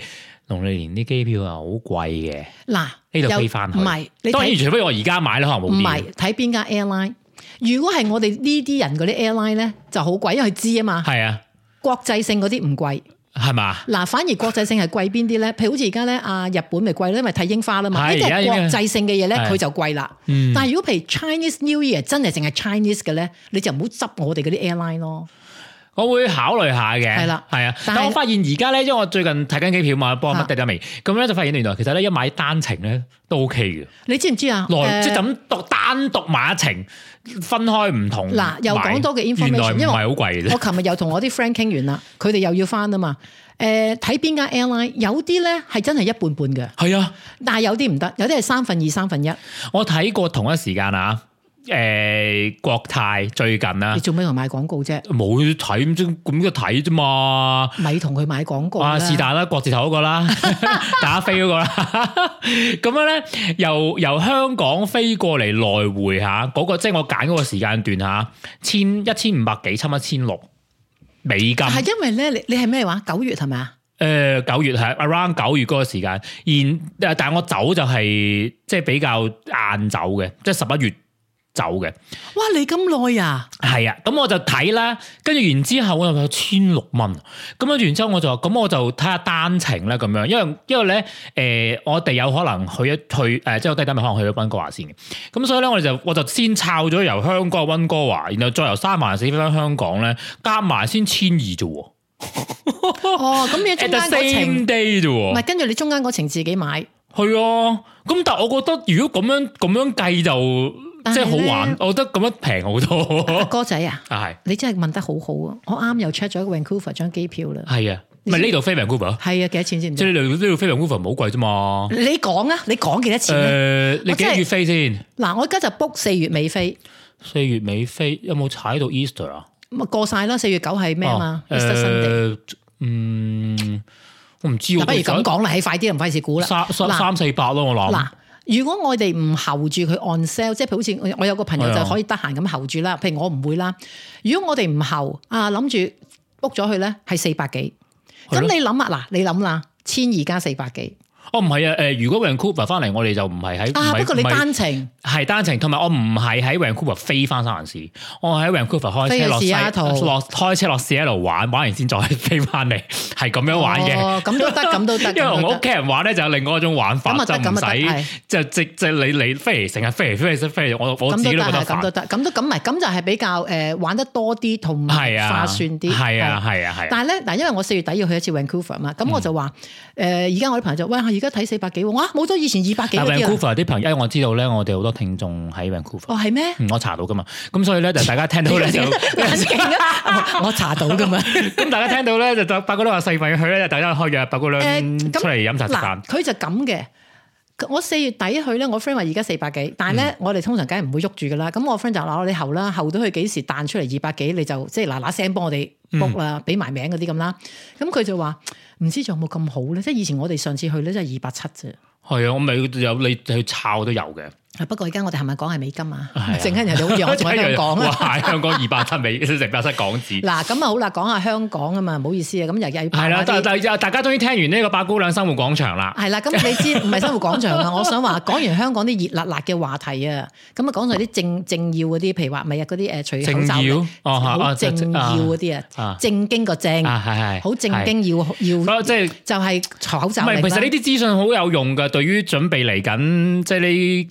農曆年啲機票係好貴嘅。嗱。呢度飛翻去，當然你看除非我而家買啦，可能冇唔係睇邊間 airline，如果係我哋呢啲人嗰啲 airline 咧，就好貴，因為佢知啊嘛。係是啊，國際性嗰啲唔貴，係嘛吧？嗱，反而國際性係貴邊啲咧？譬如好似而家咧，啊日本咪貴咧，因為睇櫻花啦嘛。呢啲係國際性嘅嘢咧，佢、啊、就貴啦。啊嗯、但係如果譬如 Chinese New Year 真係淨係 Chinese 嘅咧，你就唔好執我哋嗰啲 airline 咯。我會考慮下嘅，係啦，係啊。但我發現而家咧，因為我最近睇緊機票嘛，幫阿乜訂咗未？咁咧就發現，原來其實咧一買單程咧都 OK 嘅。你知唔知啊？即係咁獨單獨買一程，分開唔同。嗱，又講多嘅 information，因為唔係好貴嘅啫。我琴日又同我啲 friend 傾完啦，佢哋又要返啊嘛。誒，睇邊間 Airline，有啲咧係真係一半半嘅。係啊，但係有啲唔得，有啲係三分二、三分一。我睇過同一時間啊。誒、欸，國泰最近啊，你做咩同買廣告啫？冇睇咁，咁嘅睇啫嘛。咪同佢買廣告啊？是但啦，國字頭嗰個啦， <laughs> <laughs> 打飛嗰個啦。咁 <laughs> 樣咧，由由香港飛過嚟來,來回吓，嗰、啊那個即係我揀嗰個時間段吓，千一千五百幾，差唔多千六美金。係、啊、因為咧，你你係咩話？九月係咪啊？誒，九、呃、月係 around 九月嗰個時間，然但係我走就係、是、即係比較晏走嘅，即係十一月。走嘅，哇！你咁耐呀？係啊，咁我就睇啦，跟住然之後我有千六蚊，咁樣然之後我就咁我就睇下單程咧咁樣，因為因為咧誒、呃，我哋有可能去一去誒、呃，即係我第一單咪可能去咗溫哥華先嘅，咁所以咧我哋就我就先抄咗由香港溫哥華，然後再由三萬四翻香港咧，加埋先千二啫。 <laughs> 哦，咁要中間嗰程唔係跟住你中間嗰程自己買？係啊，咁但係我覺得如果咁樣咁樣計就。即係好玩，我覺得咁樣平好多。哥仔啊，係你真係問得好好啊！我啱又 check 咗一個 Vancouver 張機票啦。係啊，唔係呢度飛 Vancouver？係啊，幾多錢先？即係呢度呢度飛溫哥華唔係好貴啫嘛。你講啊，你講幾多錢？誒，你幾月飛先？嗱，我而家就 book 四月尾飛。四月尾飛有冇踩到 Easter 啊？咁啊過晒啦，四月九係咩啊？嘛？誒，嗯，我唔知喎。不如咁講啦，嘿，快啲唔費事估啦，三三四百咯，我諗。如果我哋唔候住佢 on sale，即譬如好似我有個朋友就可以得閒咁候住啦，譬如我唔會啦。如果我哋唔候，啊，諗住 book 咗佢咧，係四百幾。咁的你諗下嗱，你諗啦，千二加四百幾。我唔係啊，誒，如果 Vancouver 翻嚟，我哋就唔係喺啊。不過你單程係單程，同埋我唔係喺 Vancouver 飛翻三藩市，我喺 Vancouver 開飛嘅士阿，同落開車落市一路玩，玩完先再飛翻嚟，係咁樣玩嘅。咁都得，咁都得。因為我屋企人玩咧，就有另外一種玩法，咁就咁使，就即即你你飛嚟成日飛嚟飛去飛嚟，我我指都得。咁都得，咁都得，咁就係比較誒玩得多啲同係啊，划算啲，係係啊係。但係咧嗱，因為我四月底要去一次 Vancouver 嘛，咁我就話誒，而家我啲朋友就而家睇四百幾喎，哇，冇咗以前二百幾嗰啲。Vancouver 啲朋友，我知道咧，我哋好多聽眾喺 Vancouver。哦，係咩？我查到噶嘛，咁所以咧就大家聽到咧、呃、就，我查到噶嘛。咁大家聽到咧就，八哥都話四月份去咧，就一開藥，八哥兩出嚟飲茶食飯。佢就咁嘅。我四月底去咧，我 friend 話而家四百幾，但係咧、嗯、我哋通常梗係唔會喐住噶啦。咁我 friend 就話：我哋候啦，候到佢幾時彈出嚟二百幾，你就即係嗱嗱聲幫我哋。book 啊，俾埋、嗯、名嗰啲咁啦，咁佢就話唔知仲有冇咁好咧，即係以前我哋上次去咧，即係二百七啫。係啊，我咪有你去抄都有嘅。是不過而家我哋係咪講係美金啊？剩係人哋好樣喺香港講啊！香港二百七美，成八七港紙。嗱咁啊好啦，講下香港啊嘛，唔好意思啊，咁日日啦，又 <laughs> 大家終於聽完呢個八姑娘生活廣場啦。係啦，咁你知唔係生活廣場啊？我想話講完香港啲熱辣辣嘅話題啊，咁啊講咗啲正正要嗰啲，譬如話咪啊嗰啲誒除口罩。正要哦要嗰啲啊，啊正經個正好、啊啊啊啊啊、正經要的要。即係是就係除口罩。其實呢啲資訊好有用㗎，對於準備嚟緊即係你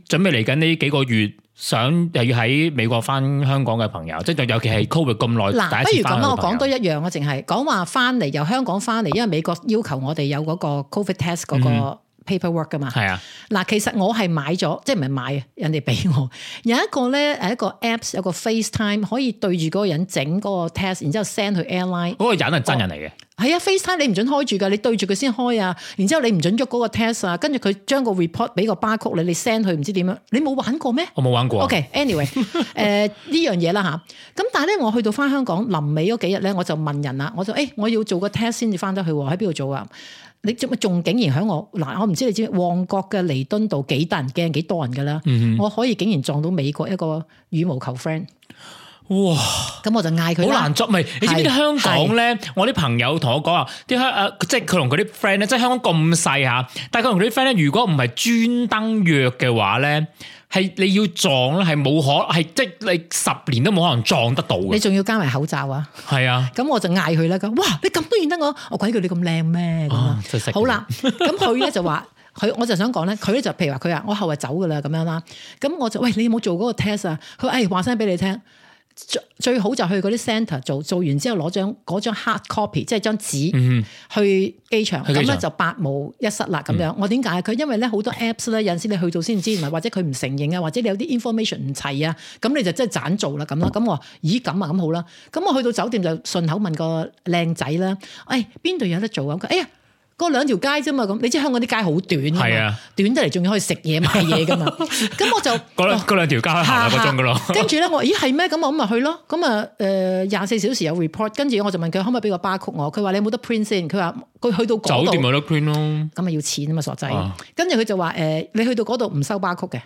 準備。嚟緊呢幾個月，想又要喺美國翻香港嘅朋友，即係尤其係 Covid 咁耐，喇第一次翻香港。嗱，不如咁啦，我講都一樣啊，淨係講話翻嚟由香港翻嚟，因為美國要求我哋有嗰個 Covid test 嗰個。嗯 Paperwork 噶嘛？係 Paper 啊，嗱，其實我係買咗，即係唔係買啊？人哋俾我有一個咧，係一個 apps，有個 FaceTime 可以對住嗰個人整嗰個 test，然之後 send 去 airline。嗰個人係真人嚟嘅。係、哦、啊，FaceTime 你唔准開住噶，你對住佢先開啊。然之後你唔准郁嗰個 test 啊。跟住佢將個 report 俾個 barcode 你，你 send 佢唔知點樣。你冇玩過咩？我冇玩過。OK，anyway，誒呢樣嘢啦吓。咁但係咧，我去到翻香港臨尾嗰幾日咧，我就問人啦。我就誒、欸，我要做個 test 先至翻得去喎，喺邊度做啊？你做乜仲竟然喺我嗱？我唔知道你知唔知旺角嘅彌敦道幾多人驚幾多人噶啦？嗯、哼我可以竟然撞到美國一個羽毛球 friend。哇！咁我就嗌佢。好難捉咪？是你知唔知香港咧？是我啲朋友同我講啊，啲香誒即係佢同佢啲 friend 咧，即係香港咁細嚇。但係佢同佢啲 friend 咧，如果唔係專登約嘅話咧，係你要撞咧，係冇可係即係你十年都冇可能撞得到。你仲要加埋口罩啊？係啊！咁我就嗌佢啦。咁哇！你咁都遠得我？我鬼叫你咁靚咩？咁、哦、好啦。咁佢咧就話佢， <laughs> 我就想講咧，佢咧就譬如話佢啊，我後日走噶啦咁樣啦。咁我就喂，你有冇做嗰個 test 啊？佢誒話聲俾你聽。最好就去嗰啲 center 做，做完之後攞張嗰張 hard copy，即係張紙去機場，咁咧、嗯、哼就百無一失啦咁樣。嗯、哼我點解？佢因為咧好多 apps 咧，有陣時你去做先知，唔係或者佢唔承認啊，或者你有啲 information 唔齊啊，咁你就真係盞做啦咁咯。咁我咦咁啊咁好啦，咁我去到酒店就順口問個靚仔啦，誒邊度有得做啊？佢哎呀！嗰兩條街啫是、啊、嘛，咁你知香港啲街好短係啊，短得嚟仲要可以食嘢買嘢噶嘛，咁我就嗰兩街兩條街行兩個鐘噶咯。跟住咧，我話咦係咩？咁我咁咪去咯。咁啊誒，廿、呃、四小時有 report，跟住我就問佢可唔可以俾個巴曲我？佢話你有冇得 print 先？佢話佢去到酒店有得 print 咯。咁咪要錢啊嘛，傻仔。跟住佢就話誒、呃，你去到嗰度唔收巴曲嘅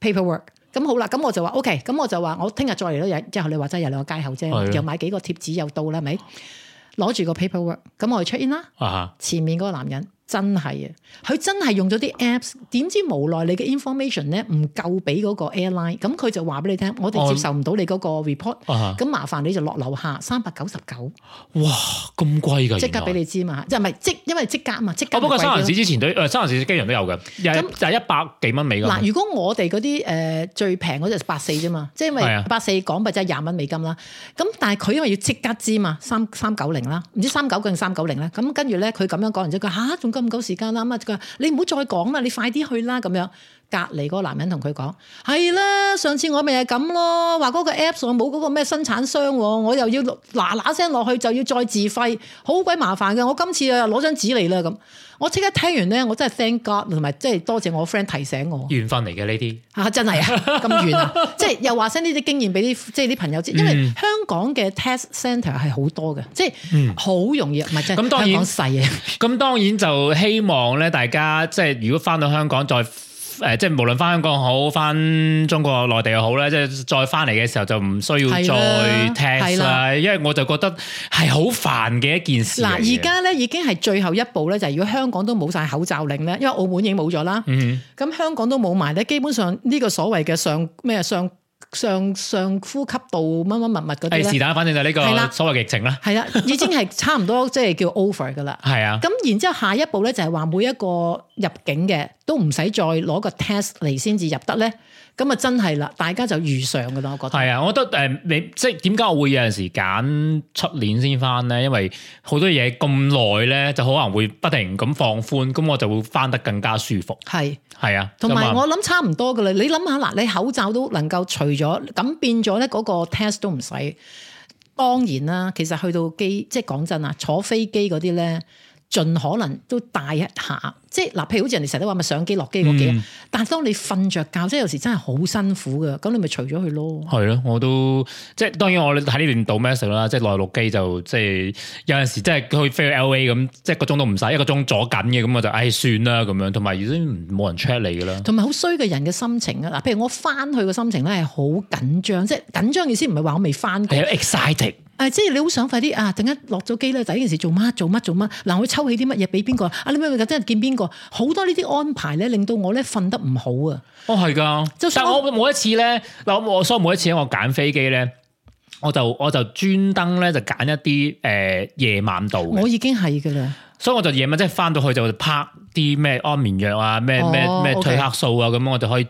paperwork。咁 paper 好啦，咁我就話 OK，咁我就話我聽日再嚟咯。之後你話真係有兩個街口啫，又的買幾個貼紙又到啦，係咪？攞住個 paperwork，咁我出現啦。前面嗰個男人。真係啊！佢真係用咗啲 apps，點知無奈 line, 你嘅 information 咧唔夠俾嗰個 airline，咁佢就話俾你聽，俺 我哋接受唔到你嗰個 report，咁麻煩你就落樓下三百九十九。哇！咁貴㗎，即刻俾你知嘛？即唔係即因為即刻啊嘛？即、啊、刻。不過三藩市之前都三藩市機場都有嘅，又係又一百幾蚊美。嗱，如果我哋嗰啲誒最平嗰就百四啫嘛，即係因為八四港幣即係廿蚊美金啦。咁但係佢因為要即刻知嘛，三三九零啦，唔知三九定三九零啦。咁跟住咧，佢咁樣講完之後，佢嚇咁久時間啦，咁啊，佢話，你唔好再講啦，你快啲去啦，咁樣。隔離嗰個男人同佢講，係啦，上次我咪係咁咯，話嗰個 Apps 我冇嗰個咩生產商，我又要嗱嗱聲落去，就要再自費，好鬼麻煩嘅。我今次又攞張紙嚟啦咁，我即刻聽完咧，我真係 thank god，同埋即係多謝我 friend 提醒我。緣分嚟嘅呢啲嚇，真係啊，咁遠啊， <laughs> 即係又話聲呢啲經驗俾啲即係啲朋友知，因為香港嘅 test center 係好多嘅，嗯、即係好容易。唔係真係咁當然細啊，咁 <laughs> 當然就希望咧，大家即係如果返到香港再。誒即係無論翻香港好，翻中國內地又好咧，即係再翻嚟嘅時候就唔需要再 test 啦，因為我就覺得係好煩嘅一件事。嗱，而家咧已經係最後一步咧，就係、是、如果香港都冇晒口罩令咧，因為澳門已經冇咗啦，咁、嗯、哼香港都冇埋咧，基本上呢個所謂嘅上咩上。上上呼吸道乜乜物物嗰啲咧？是但，反正就呢個所謂疫情啦。係啦，已經係差唔多 <laughs> 即係叫 over 噶啦。係啊的。咁然之後下一步咧，就係話每一個入境嘅都唔使再攞個 test 嚟先至入得咧。咁啊，真係啦，大家就遇上噶啦，我覺得。係啊，我覺得誒、呃，你即係點解我會有陣時揀出年先翻咧？因為好多嘢咁耐咧，就可能會不停咁放寬，咁我就會翻得更加舒服。係係是啊，同埋有、嗯、我諗差唔多噶啦。你諗下嗱，你口罩都能夠除咗，咁變咗咧嗰個 test 都唔使。當然啦，其實去到機即係講真啊，坐飛機嗰啲咧，盡可能都戴一下。即係嗱，譬如好似人哋成日都話咪上機落機嗰幾日、嗯、但係當你瞓着覺，即係有時真係好辛苦嘅。咁你咪除咗佢咯。係咯，我都即係當然我喺呢度讀 message 啦，即係內陸機就即係有陣時真係佢飛去 L A 咁，即係個鐘都唔使，一個鐘左右嘅，咁我就唉、哎、算啦咁樣。同埋已經冇人 check 你嘅啦，同埋好衰嘅人嘅心情啊！嗱，譬如我翻去嘅心情咧係好緊張，即係緊張意思唔係話我未翻。exciting 誒，即係你好想快啲啊！陣間落咗機咧，第一件事做乜做乜做乜？嗱，我抽起啲乜嘢俾邊個？啊，你咪就真係見邊個？好多呢啲安排咧，令到我咧瞓得唔好啊！哦，係噶，我但我每一次咧，嗱，我所以每一次咧，我揀飛機咧，我就我就專登咧就揀一啲誒、呃、夜晚度嘅。我已經係噶啦，所以我就夜晚即係翻到去就拍啲咩安眠藥啊，咩咩咩褪黑素啊咁，我就可以。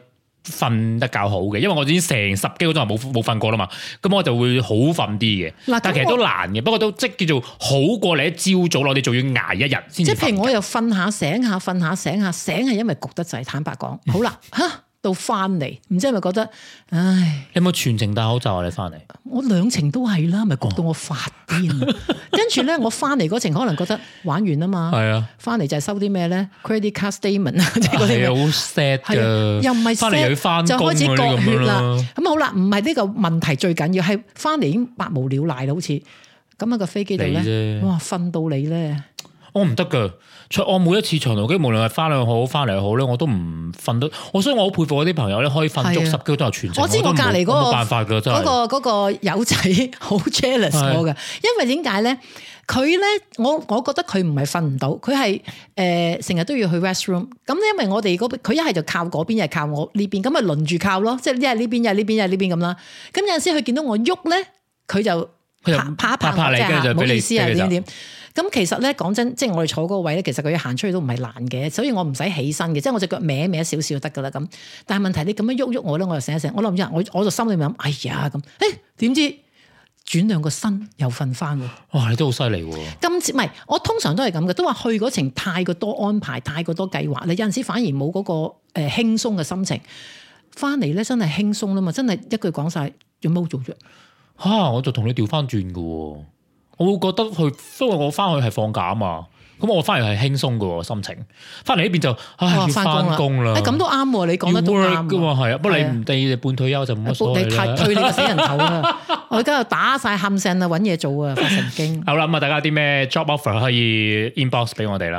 瞓得較好嘅，因為我已經成十幾個鐘係冇冇瞓過啦嘛，咁我就會好瞓啲嘅，那但係其實都難嘅，我不過都即叫做好過你一朝早喇，你仲要挨一日先。即係譬如我又瞓下醒下瞓下醒下醒係因為焗得滯，坦白講，好啦吓。 <laughs> 到翻嚟，唔知係咪覺得，唉！你有冇全程戴口罩啊？你翻嚟，我兩程都係啦，咪焗到我發癲。跟住咧，我翻嚟嗰程可能覺得玩完啊嘛，係啊，翻嚟就係收啲咩咧？credit card statement 有有啊，即係嗰啲。好 sad 噶，又唔係翻嚟又就開始割血啦。咁、嗯、好啦，唔係呢個問題，最緊要係翻嚟已經百無聊賴啦，好似咁啊個飛機度咧，哇瞓吧、哦、到你咧。我唔得嘅，我每一次長途機，無論係翻去好，翻嚟好咧，我都唔瞓到。我所以，我好佩服我啲朋友咧，可以瞓足十幾都係全程。我知我隔籬嗰個嗰個嗰個友仔好 jealous 我嘅，的因為點解咧？佢咧，我我覺得佢唔係瞓唔到，佢係誒成日都要去 restroom。咁咧，因為我哋嗰佢一係就靠嗰邊，一係靠我呢邊，咁咪輪住靠咯。即係一係呢邊，一係呢邊，一係呢邊咁啦。咁有陣時佢見到我喐咧，佢就佢就唔怕怕，怕，怕，怕你，跟住就唔好意思啊，點點。咁其實咧，講真，即係我哋坐嗰個位咧，其實佢要行出去都唔係難嘅，所以我唔使起身嘅，即係我隻腳歪歪少少就得噶啦咁。但係問題你咁樣喐喐我咧，我又醒一醒，我諗唔我我就心裏面諗，哎呀咁。誒，點、哎、知轉兩個身又瞓翻喎？哇，你都好犀利喎！今次唔係，我通常都係咁嘅，都話去嗰程太過多安排，太過多計劃，你有陣時反而冇嗰個誒輕鬆嘅心情。翻嚟咧，真係輕鬆啦嘛，真係一句講晒，有冇做啫？吓、啊，我就同你調翻轉嘅。我會覺得佢，因為我翻去係放假啊嘛。咁我翻嚟係輕鬆嘅喎心情，翻嚟呢邊就唉翻工啦，哎咁都啱喎，你講得啱喎，係啊，不過你唔地半退休就冇乜所謂啦，退你個死人頭啊！我而家又打晒喊聲啊，揾嘢做啊，發神經。好啦，咁啊，大家啲咩 job offer 可以 inbox 俾我哋啦？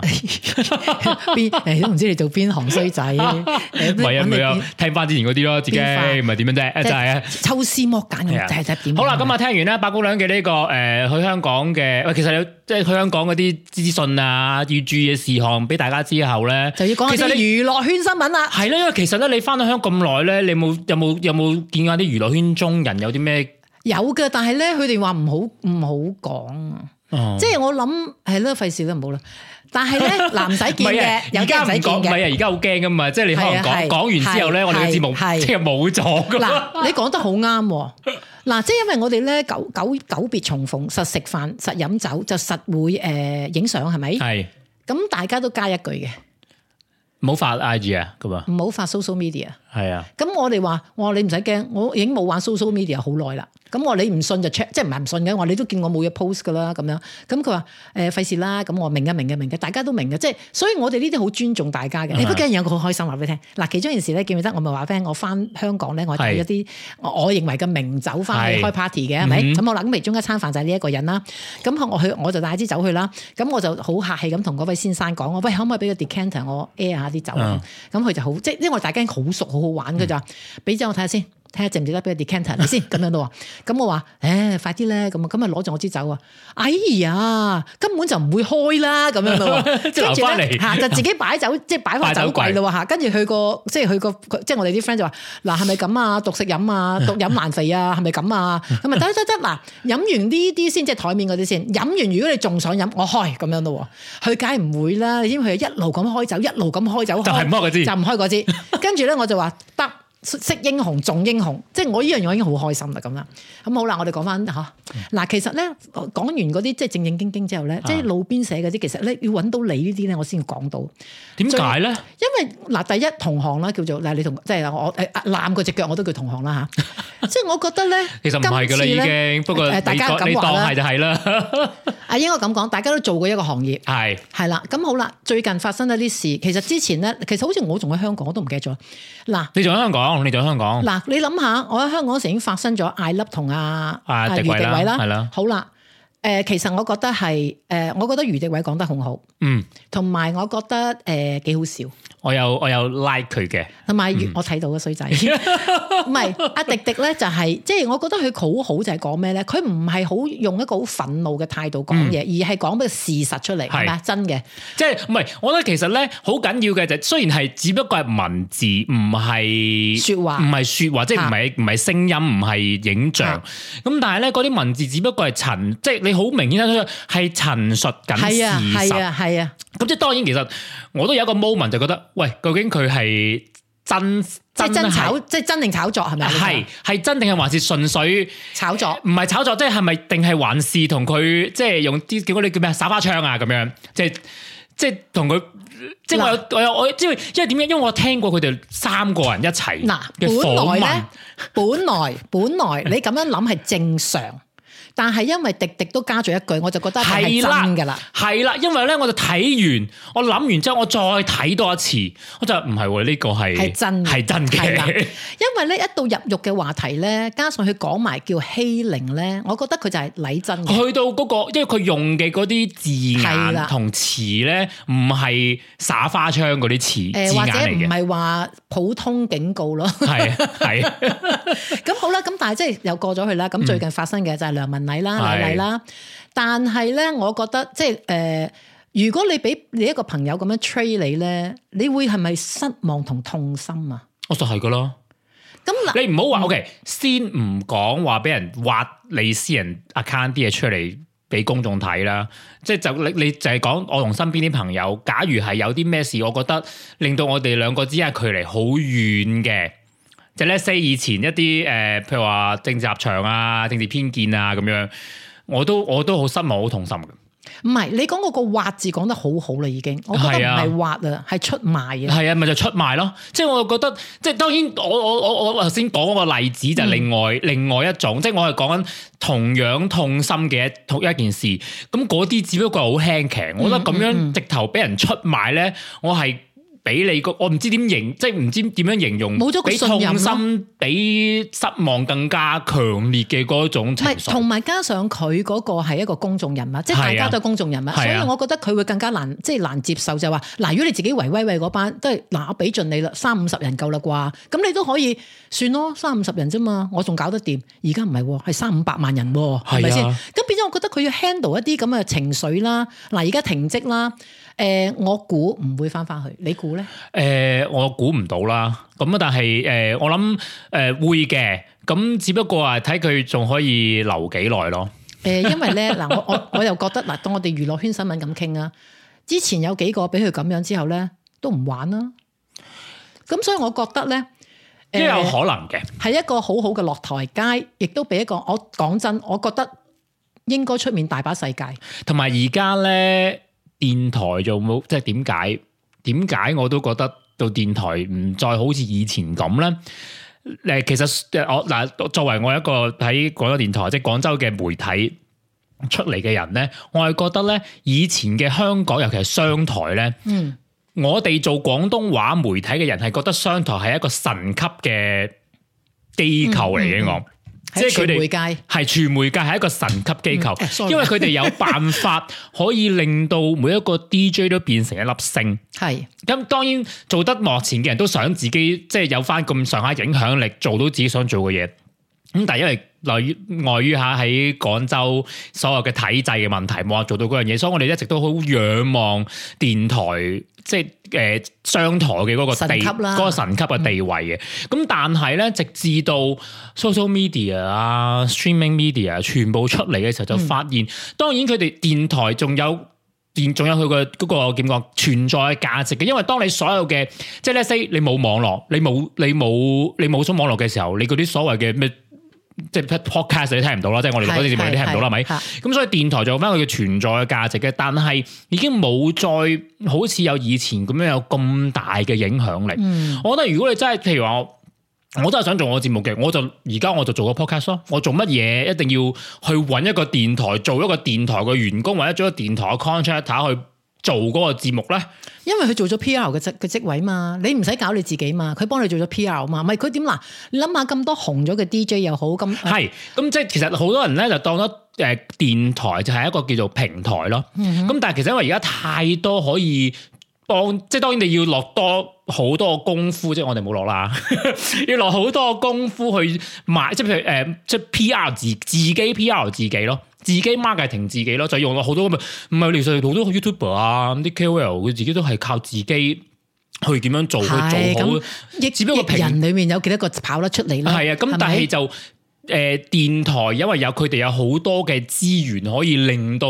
邊都唔知你做邊行，衰仔，唔係啊唔係聽翻之前嗰啲咯，自己唔係點樣啫，就係啊，抽絲剝繭又睇睇點。好啦，咁啊，聽完啦，八姑娘嘅呢個誒去香港嘅，喂，其實有。即係香港嗰啲資訊啊，要注意嘅事項，俾大家之後咧，就要講下啲娛樂圈新聞啦。係咯，因為其實咧，你返到香港咁耐咧，你冇有冇有冇見過啲娛樂圈中人有啲咩？有嘅，但係咧，佢哋、嗯、話唔好唔好講啊。即係我諗係咯，費事都唔好啦。但係咧，男仔見嘅有啲唔使講，唔係啊！而家好驚噶嘛，即係你可能講講完之後咧，我哋嘅節目即係冇咗噶啦。你講得好啱喎，嗱，即係因為我哋咧久久久別重逢，實食飯、實飲酒，就實會誒影相，係咪？係。咁大家都加一句嘅，唔好發 IG 啊，咁啊，唔好發 social media。係啊。咁我哋話，我話你唔使驚，我已經冇玩 social media 好耐啦。咁我你唔信就 check，即係唔係唔信嘅。我你都見我冇嘢 post 噶、呃、啦，咁樣。咁佢話誒費事啦。咁我明嘅，明嘅，明嘅，大家都明嘅。即係所以我哋呢啲好尊重大家嘅。你畢竟有個好開心話俾你聽。嗱，其中一件事咧，記唔記得我，我咪話俾你聽，我翻香港咧，我睇一啲我認為嘅名酒翻去開開 party 嘅，係咪是？咁我嗱，咁其中一餐飯就係呢一個人啦。咁我去，我就帶支酒去啦。咁我就好客氣咁同嗰位先生講，喂，可唔可以俾個 decanter 我 air 下啲酒？咁佢、嗯、就好，即係因為我哋大家好熟，好好玩。佢就話：俾支我睇下先看看。睇下值唔值得俾個 decant 先？咁樣咯喎，咁我話，誒，快啲咧，咁啊，咁啊攞住我支酒啊，哎呀，根本就唔會開啦，咁樣咯。即就自己擺酒，即係擺翻酒櫃咯喎，跟住佢個，即係佢個，即係我哋啲 friend 就話，嗱，係咪咁啊？獨食飲啊，獨飲難肥啊，係咪咁啊？咁啊得得得，嗱，飲完呢啲先，即係台面嗰啲先。飲完如果你仲想飲，我開咁樣咯喎，佢梗係唔會啦。因為佢一路咁開酒，一路咁開酒，就係唔開嗰支，就唔開支。跟住咧，着呢 <laughs> 我就話得。行行行行行行 Ooh 識英雄，重英雄，即係我呢樣嘢已經好開心啦，咁啦，咁好啦，我哋講翻吓，嗱、啊，其實咧講完嗰啲即係正正經經之後咧，即係路邊寫嗰啲，其實咧要揾到你呢啲咧，我先講到，點解咧？為呢因為嗱，第一同行啦，叫做嗱，你同即係我誒，攬佢隻腳我都叫同行啦吓。啊 <laughs> 即係我覺得咧，其實唔係噶啦，已經不過你大家你當係就係啦。啊，應該咁講，大家都做過一個行業，係係啦。咁好啦，最近發生咗啲事，其實之前咧，其實好似我仲喺香港，我都唔記得咗。嗱，你仲喺香港，你仲喺香港。嗱，你諗下，我喺香港嗰時已經發生咗艾粒同阿阿余定偉啦，係啦，啊，好啦。誒，其實我覺得係誒，我覺得余迪偉講得好好，嗯，同埋我覺得誒幾好笑，我有我有 like 佢嘅，同埋我睇到個衰仔，唔係阿迪迪咧，就係即係我覺得佢好好就係講咩咧？佢唔係好用一個好憤怒嘅態度講嘢，而係講啲事實出嚟，係咪真嘅？即係唔係？我覺得其實咧，好緊要嘅就係，雖然係只不過係文字，唔係說話，唔係說話，即係唔係唔係聲音，唔係影像，咁但係咧，嗰啲文字只不過係陳，即係。你好明顯係陳述緊事實，係啊，係啊，係啊。咁即係當然，其實我都有一個 moment 就覺得，喂，究竟佢係真即係真炒，真即係真定炒作係咪？係係真定係還是純粹炒作？唔係炒作，即係係咪？定係還是同佢即係用啲叫嗰啲叫咩？耍花槍啊，咁樣即係即係同佢。即係我有喇我有我即係因爲點解？因爲我聽過佢哋三個人一齊嘅訪問。本來本來，本來，本，來本來你咁樣諗係正常。但係因為迪迪都加咗一句，我就覺得係真嘅啦。係啦，因為咧我就睇完，我諗完之後，我再睇多一次，我就唔係呢個係係真嘅，係真嘅。因為咧一到入獄嘅話題咧，加上佢講埋叫欺凌咧，我覺得佢就係偽真。去到嗰個，因為佢用嘅嗰啲字同詞咧，唔係耍花槍嗰啲詞或者唔係話普通警告咯。係係。咁 <laughs> <laughs> 好啦，咁但係即係又過咗去啦。咁最近發生嘅就係梁文。嗯係啦，係啦，但係咧，我覺得即係誒、呃，如果你俾你一個朋友咁樣 trade 你咧，你會係咪失望同痛心啊？我實係噶咯，咁那你唔好話，OK，先唔講話俾人挖你私人 account 啲嘢出嚟俾公眾睇啦，即係就你你就係講我同身邊啲朋友，假如係有啲咩事，我覺得令到我哋兩個之間距離好遠嘅。即係那些以前一啲誒，譬如話政治立場啊、政治偏見啊咁樣，我都我都好失望、好痛心嘅。唔係你講嗰個挖字講得好好啦，已經，我覺得唔係挖啊，係出賣啊。係啊，咪就係、出賣咯。即係我覺得，即係當然我，我我我我頭先講嗰個例子就另外、嗯、另外一種，即係我係講緊同樣痛心嘅一同一件事。咁嗰啲只不過係好輕騎，嗯嗯嗯我覺得咁樣直頭俾人出賣咧，我係。俾你個，我唔知點形，即係唔知點樣形容，冇咗個信任心，比失望更加強烈嘅嗰種情緒。係，同埋加上佢嗰個係一個公眾人物，啊、即係大家都係公眾人物，啊、所以我覺得佢會更加難，即係難接受就話嗱、啊，如果你自己維威喂嗰班都係嗱、啊，我俾盡你啦，三五十人夠啦啩，咁你都可以算咯，三五十人啫嘛，我仲搞得掂。而家唔係，係三五百萬人、啊，係咪先？咁、啊、變咗，我覺得佢要 handle 一啲咁嘅情緒啦。嗱，而家停職啦。誒，我估唔會翻翻去，你估咧？誒，我估唔到啦。咁啊，但係誒，我諗誒會嘅。咁只不過係，睇佢仲可以留幾耐咯。誒，因為咧嗱，我我我又覺得嗱，當我哋娛樂圈新聞咁傾啊，之前有幾個俾佢咁樣之後咧，都唔玩啦。咁所以我覺得咧，都有可能嘅，係一個好好嘅落台階，亦都俾一個我講真，我覺得應該出面大把世界。同埋而家咧。電台做冇，即係點解？點解我都覺得到電台唔再好似以前咁咧？誒，其實我嗱，作為我一個喺廣州電台，即係廣州嘅媒體出嚟嘅人咧，我係覺得咧，以前嘅香港，尤其係商台咧，嗯，我哋做廣東話媒體嘅人係覺得商台係一個神級嘅機構嚟嘅，嗯，我。嗯即係佢哋係傳媒界係一個神級機構，嗯、因為佢哋有辦法可以令到每一個 DJ 都變成一粒星。係咁，當然做得幕前嘅人都想自己即係、就是、有翻咁上下影響力，做到自己想做嘅嘢。咁但係因為外於外於吓喺廣州所有嘅體制嘅問題，冇話做到嗰樣嘢，所以我哋一直都好仰望電台，即係誒商台嘅嗰個地，神級啦，嗰個神級嘅地位嘅。咁、嗯、但係咧，直至到 social media 啊、streaming media 全部出嚟嘅時候，就發現，嗯、當然佢哋電台仲有電，仲有佢、嗰個、嗰個點講存在嘅價值嘅。因為當你所有嘅即係咧 say 你冇網絡，你冇你冇你冇咗網絡嘅時候，你嗰啲所謂嘅咩？即係 podcast 你聽唔到啦，是是是即係我哋嗰啲節目你聽唔到啦，係咪咁？所以電台仲有翻佢嘅存在嘅價值嘅，但係已經冇再好似有以前咁樣有咁大嘅影響力。嗯，我覺得如果你真係，譬如話我，我真係想做我節目嘅，我就而家我就做個 podcast 咯。我做乜嘢一定要去揾一個電台做一個電台嘅員工，或者做一個電台嘅 contractor 去做嗰個節目咧，因為佢做咗 P.R. 嘅職嘅職位嘛，你唔使搞你自己嘛，佢幫你做咗 P.R. 嘛，唔係佢點嗱？你諗下咁多紅咗嘅 D.J. 又好咁，係咁、哎、即係其實好多人咧就當咗誒電台就係一個叫做平台咯。咁、嗯、哼但係其實因為而家太多可以幫，即係當然你要落多好多功夫，即係我哋冇落啦， <laughs> 要落好多功夫去買，即譬如誒，即、呃、係 P.R. 自己自己 P.R. 自己咯。自己 marketing 自己咯，就用咗好多唔係，你上好多 YouTuber 啊，啲 KOL 佢自己都係靠自己去點樣做，的去做好。亦、嗯、只不過人裏面有幾多個跑得出嚟啦。係啊，咁但係就誒的、呃，電台因為有佢哋有好多嘅資源，可以令到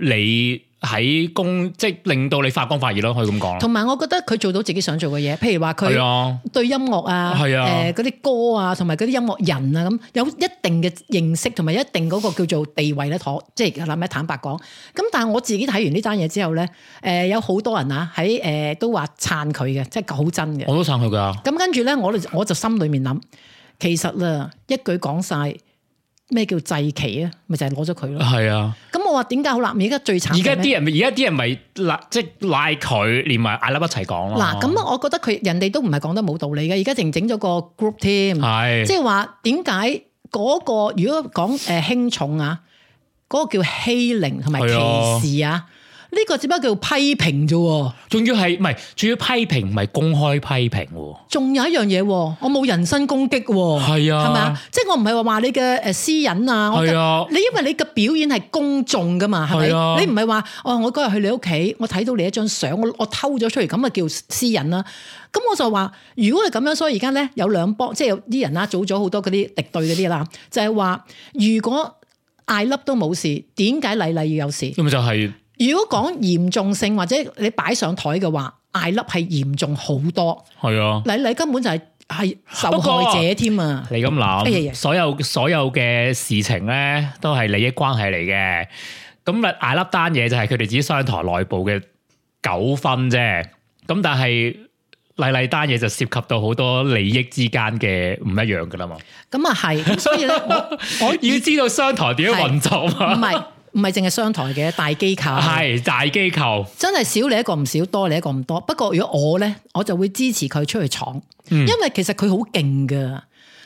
你。喺公即係令到你發光發熱咯，可以咁講。同埋，我覺得佢做到自己想做嘅嘢，譬如話佢對音樂啊，誒嗰啲歌啊，同埋嗰啲音樂人啊，咁有一定嘅認識，同埋一定嗰個叫做地位咧，妥，即係諗一坦白講。咁但係我自己睇完呢單嘢之後咧，誒、呃、有好多人啊喺誒、呃、都話撐佢嘅，即係夠好真嘅。我都撐佢噶。咁跟住咧，我我我就心裏面諗，其實啦，一句講晒。咩叫祭旗、就是、了了啊？咪就係攞咗佢咯。係啊，咁我話點解好難？而家最慘。而家啲人，而家啲人咪即係拉佢，連埋阿媽一齊講。嗱喏，咁啊、哦，我覺得佢人哋都唔係講得冇道理嘅。而家仲整咗個 group team，即係話點解嗰個如果講誒、呃、輕重啊，嗰、嗰個叫欺凌同埋歧視啊。呢個只不過叫批評啫，仲要係唔係？仲要批評唔係公開批評？仲有一樣嘢，我冇人身攻擊。係啊，係咪啊？即係我唔係話話你嘅誒私隱啊？係啊。你因為你嘅表演係公眾噶嘛？係啊。你唔係話哦，我嗰日去你屋企，我睇到你一張相，我我偷咗出嚟，咁啊叫私隱啦。咁我就話，如果係咁樣，所以而家咧有兩波，即係有啲人啦，組咗好多嗰啲敵對嘅啲啦，就係、是、話，如果艾粒都冇事，點解麗麗要有事？咁咪就係、是。如果講嚴重性或者你擺上台嘅話，捱粒係嚴重好多。係啊，麗麗根本就係係受害者添啊！你咁諗，所有所有嘅事情咧都係利益關係嚟嘅。咁咪捱粒單嘢就係佢哋自己商台內部嘅糾紛啫。咁但係麗麗單嘢就涉及到好多利益之間嘅唔一樣噶啦嘛。咁啊係，所以咧我要知道商台點樣運作嘛。唔係淨係商台嘅大機構，係大機構，真係少你一個唔少，多你一個唔多。不過如果我咧，我就會支持佢出去闖，嗯、因為其實佢好勁嘅，嗯、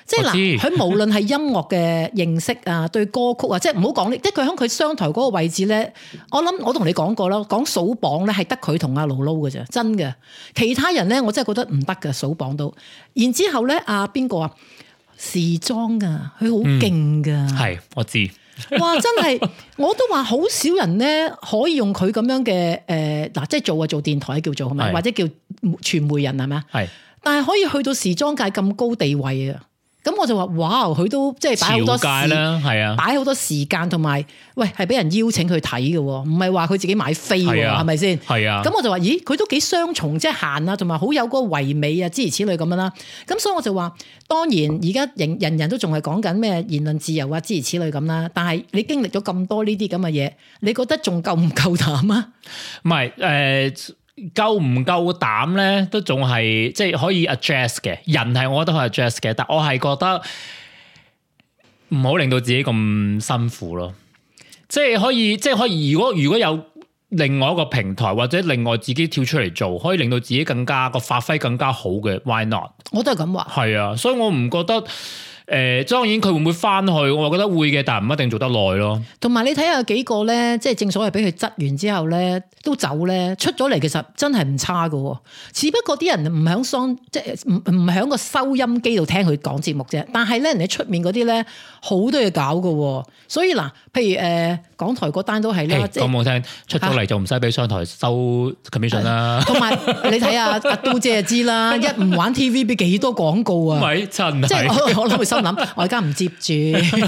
即係是嗱，佢知 <laughs> 無論係音樂嘅認識啊，對歌曲啊，即係唔好講呢，即係佢響佢商台嗰個位置咧，我諗我同你講過啦，講數榜咧係得佢同阿露露嘅咋，真嘅，其他人咧我真係覺得唔得嘅數榜到。然之後咧，阿邊個啊？時裝噶、啊，佢好勁噶，係、嗯、我知。 <laughs> 哇，真係，我都話好少人咧，可以用佢咁樣嘅誒，嗱、呃，即係做啊做電台叫做係咪，是是是或者叫傳媒人係咪？係，是但係可以去到時裝界咁高地位啊！咁我就話，哇！佢都即係擺好多時間，係啊，擺好多時間同埋，喂，係俾人邀請佢睇嘅，唔係話佢自己買飛，係咪先？係是啊。咁我就話，咦，佢都幾雙重，即係閒啊，同埋好有嗰個唯美啊，諸如此類咁樣啦。咁所以我就話，當然而家人，人人都仲係講緊咩言論自由啊，諸如此類咁啦。但係你經歷咗咁多呢啲咁嘅嘢，你覺得仲夠唔夠膽啊？唔係誒。呃夠唔夠膽咧，都仲係即係可以 address 嘅。人係我覺得可以 address 嘅，但我係覺得唔好令到自己咁辛苦咯。即係可以，即係可以。如果如果有另外一個平台或者另外自己跳出嚟做，可以令到自己更加個發揮更加好嘅，Why not？我都係咁話。係啊，所以我唔覺得。誒，當然佢會唔會翻去，我話覺得會嘅，但係唔一定做得耐咯。同埋你睇下幾個咧，即係正所謂俾佢執完之後咧，都走咧，出咗嚟，其實真係唔差噶哦。只不過啲人唔響雙，即係唔唔響個收音機度聽佢講節目啫。但係咧，人哋出面嗰啲咧，好多嘢搞噶哦。所以嗱，譬如誒。呃港台嗰單都係咧，講冇聽出咗嚟就唔使俾商台收 commission 啦。同埋你睇下，阿都姐就知啦，一唔玩 TVB 幾多廣告啊？咪真係，即係我我諗佢心諗，我而家唔接住，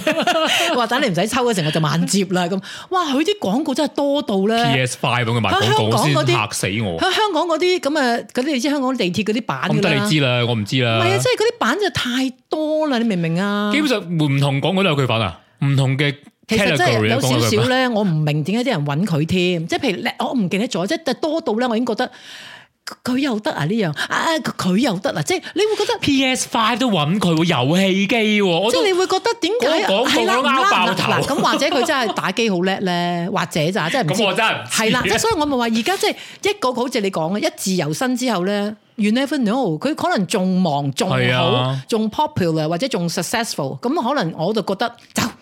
我話等你唔使抽嘅時候，我就慢接啦。咁哇，佢啲廣告真係多到咧。PS5 咁嘅賣廣告先嚇死我。喺香港嗰啲咁啊，嗰啲你知香港地鐵嗰啲板啦。唔得你知啦，我唔知啦。唔係啊，即係嗰啲板就太多啦，你明唔明啊？基本上唔同廣告都有佢份啊，唔同嘅。其實真係有少少咧，我唔明點解啲人揾佢添，即係譬如我唔記得咗，即係多到咧，我已經覺得佢又得啊呢樣啊佢又得啦，即係你會覺得 PS Five 都揾佢喎，遊戲機即係你會覺得點解講到拗爆頭？嗱咁或者佢真係打機好叻咧，或者咋？即係咁我真係啦，所以我咪話而家即係一個好似你講嘅，一自由身之後咧 u n d e f 佢可能仲忙，仲好，仲 popular 或者仲 successful，咁可能我就覺得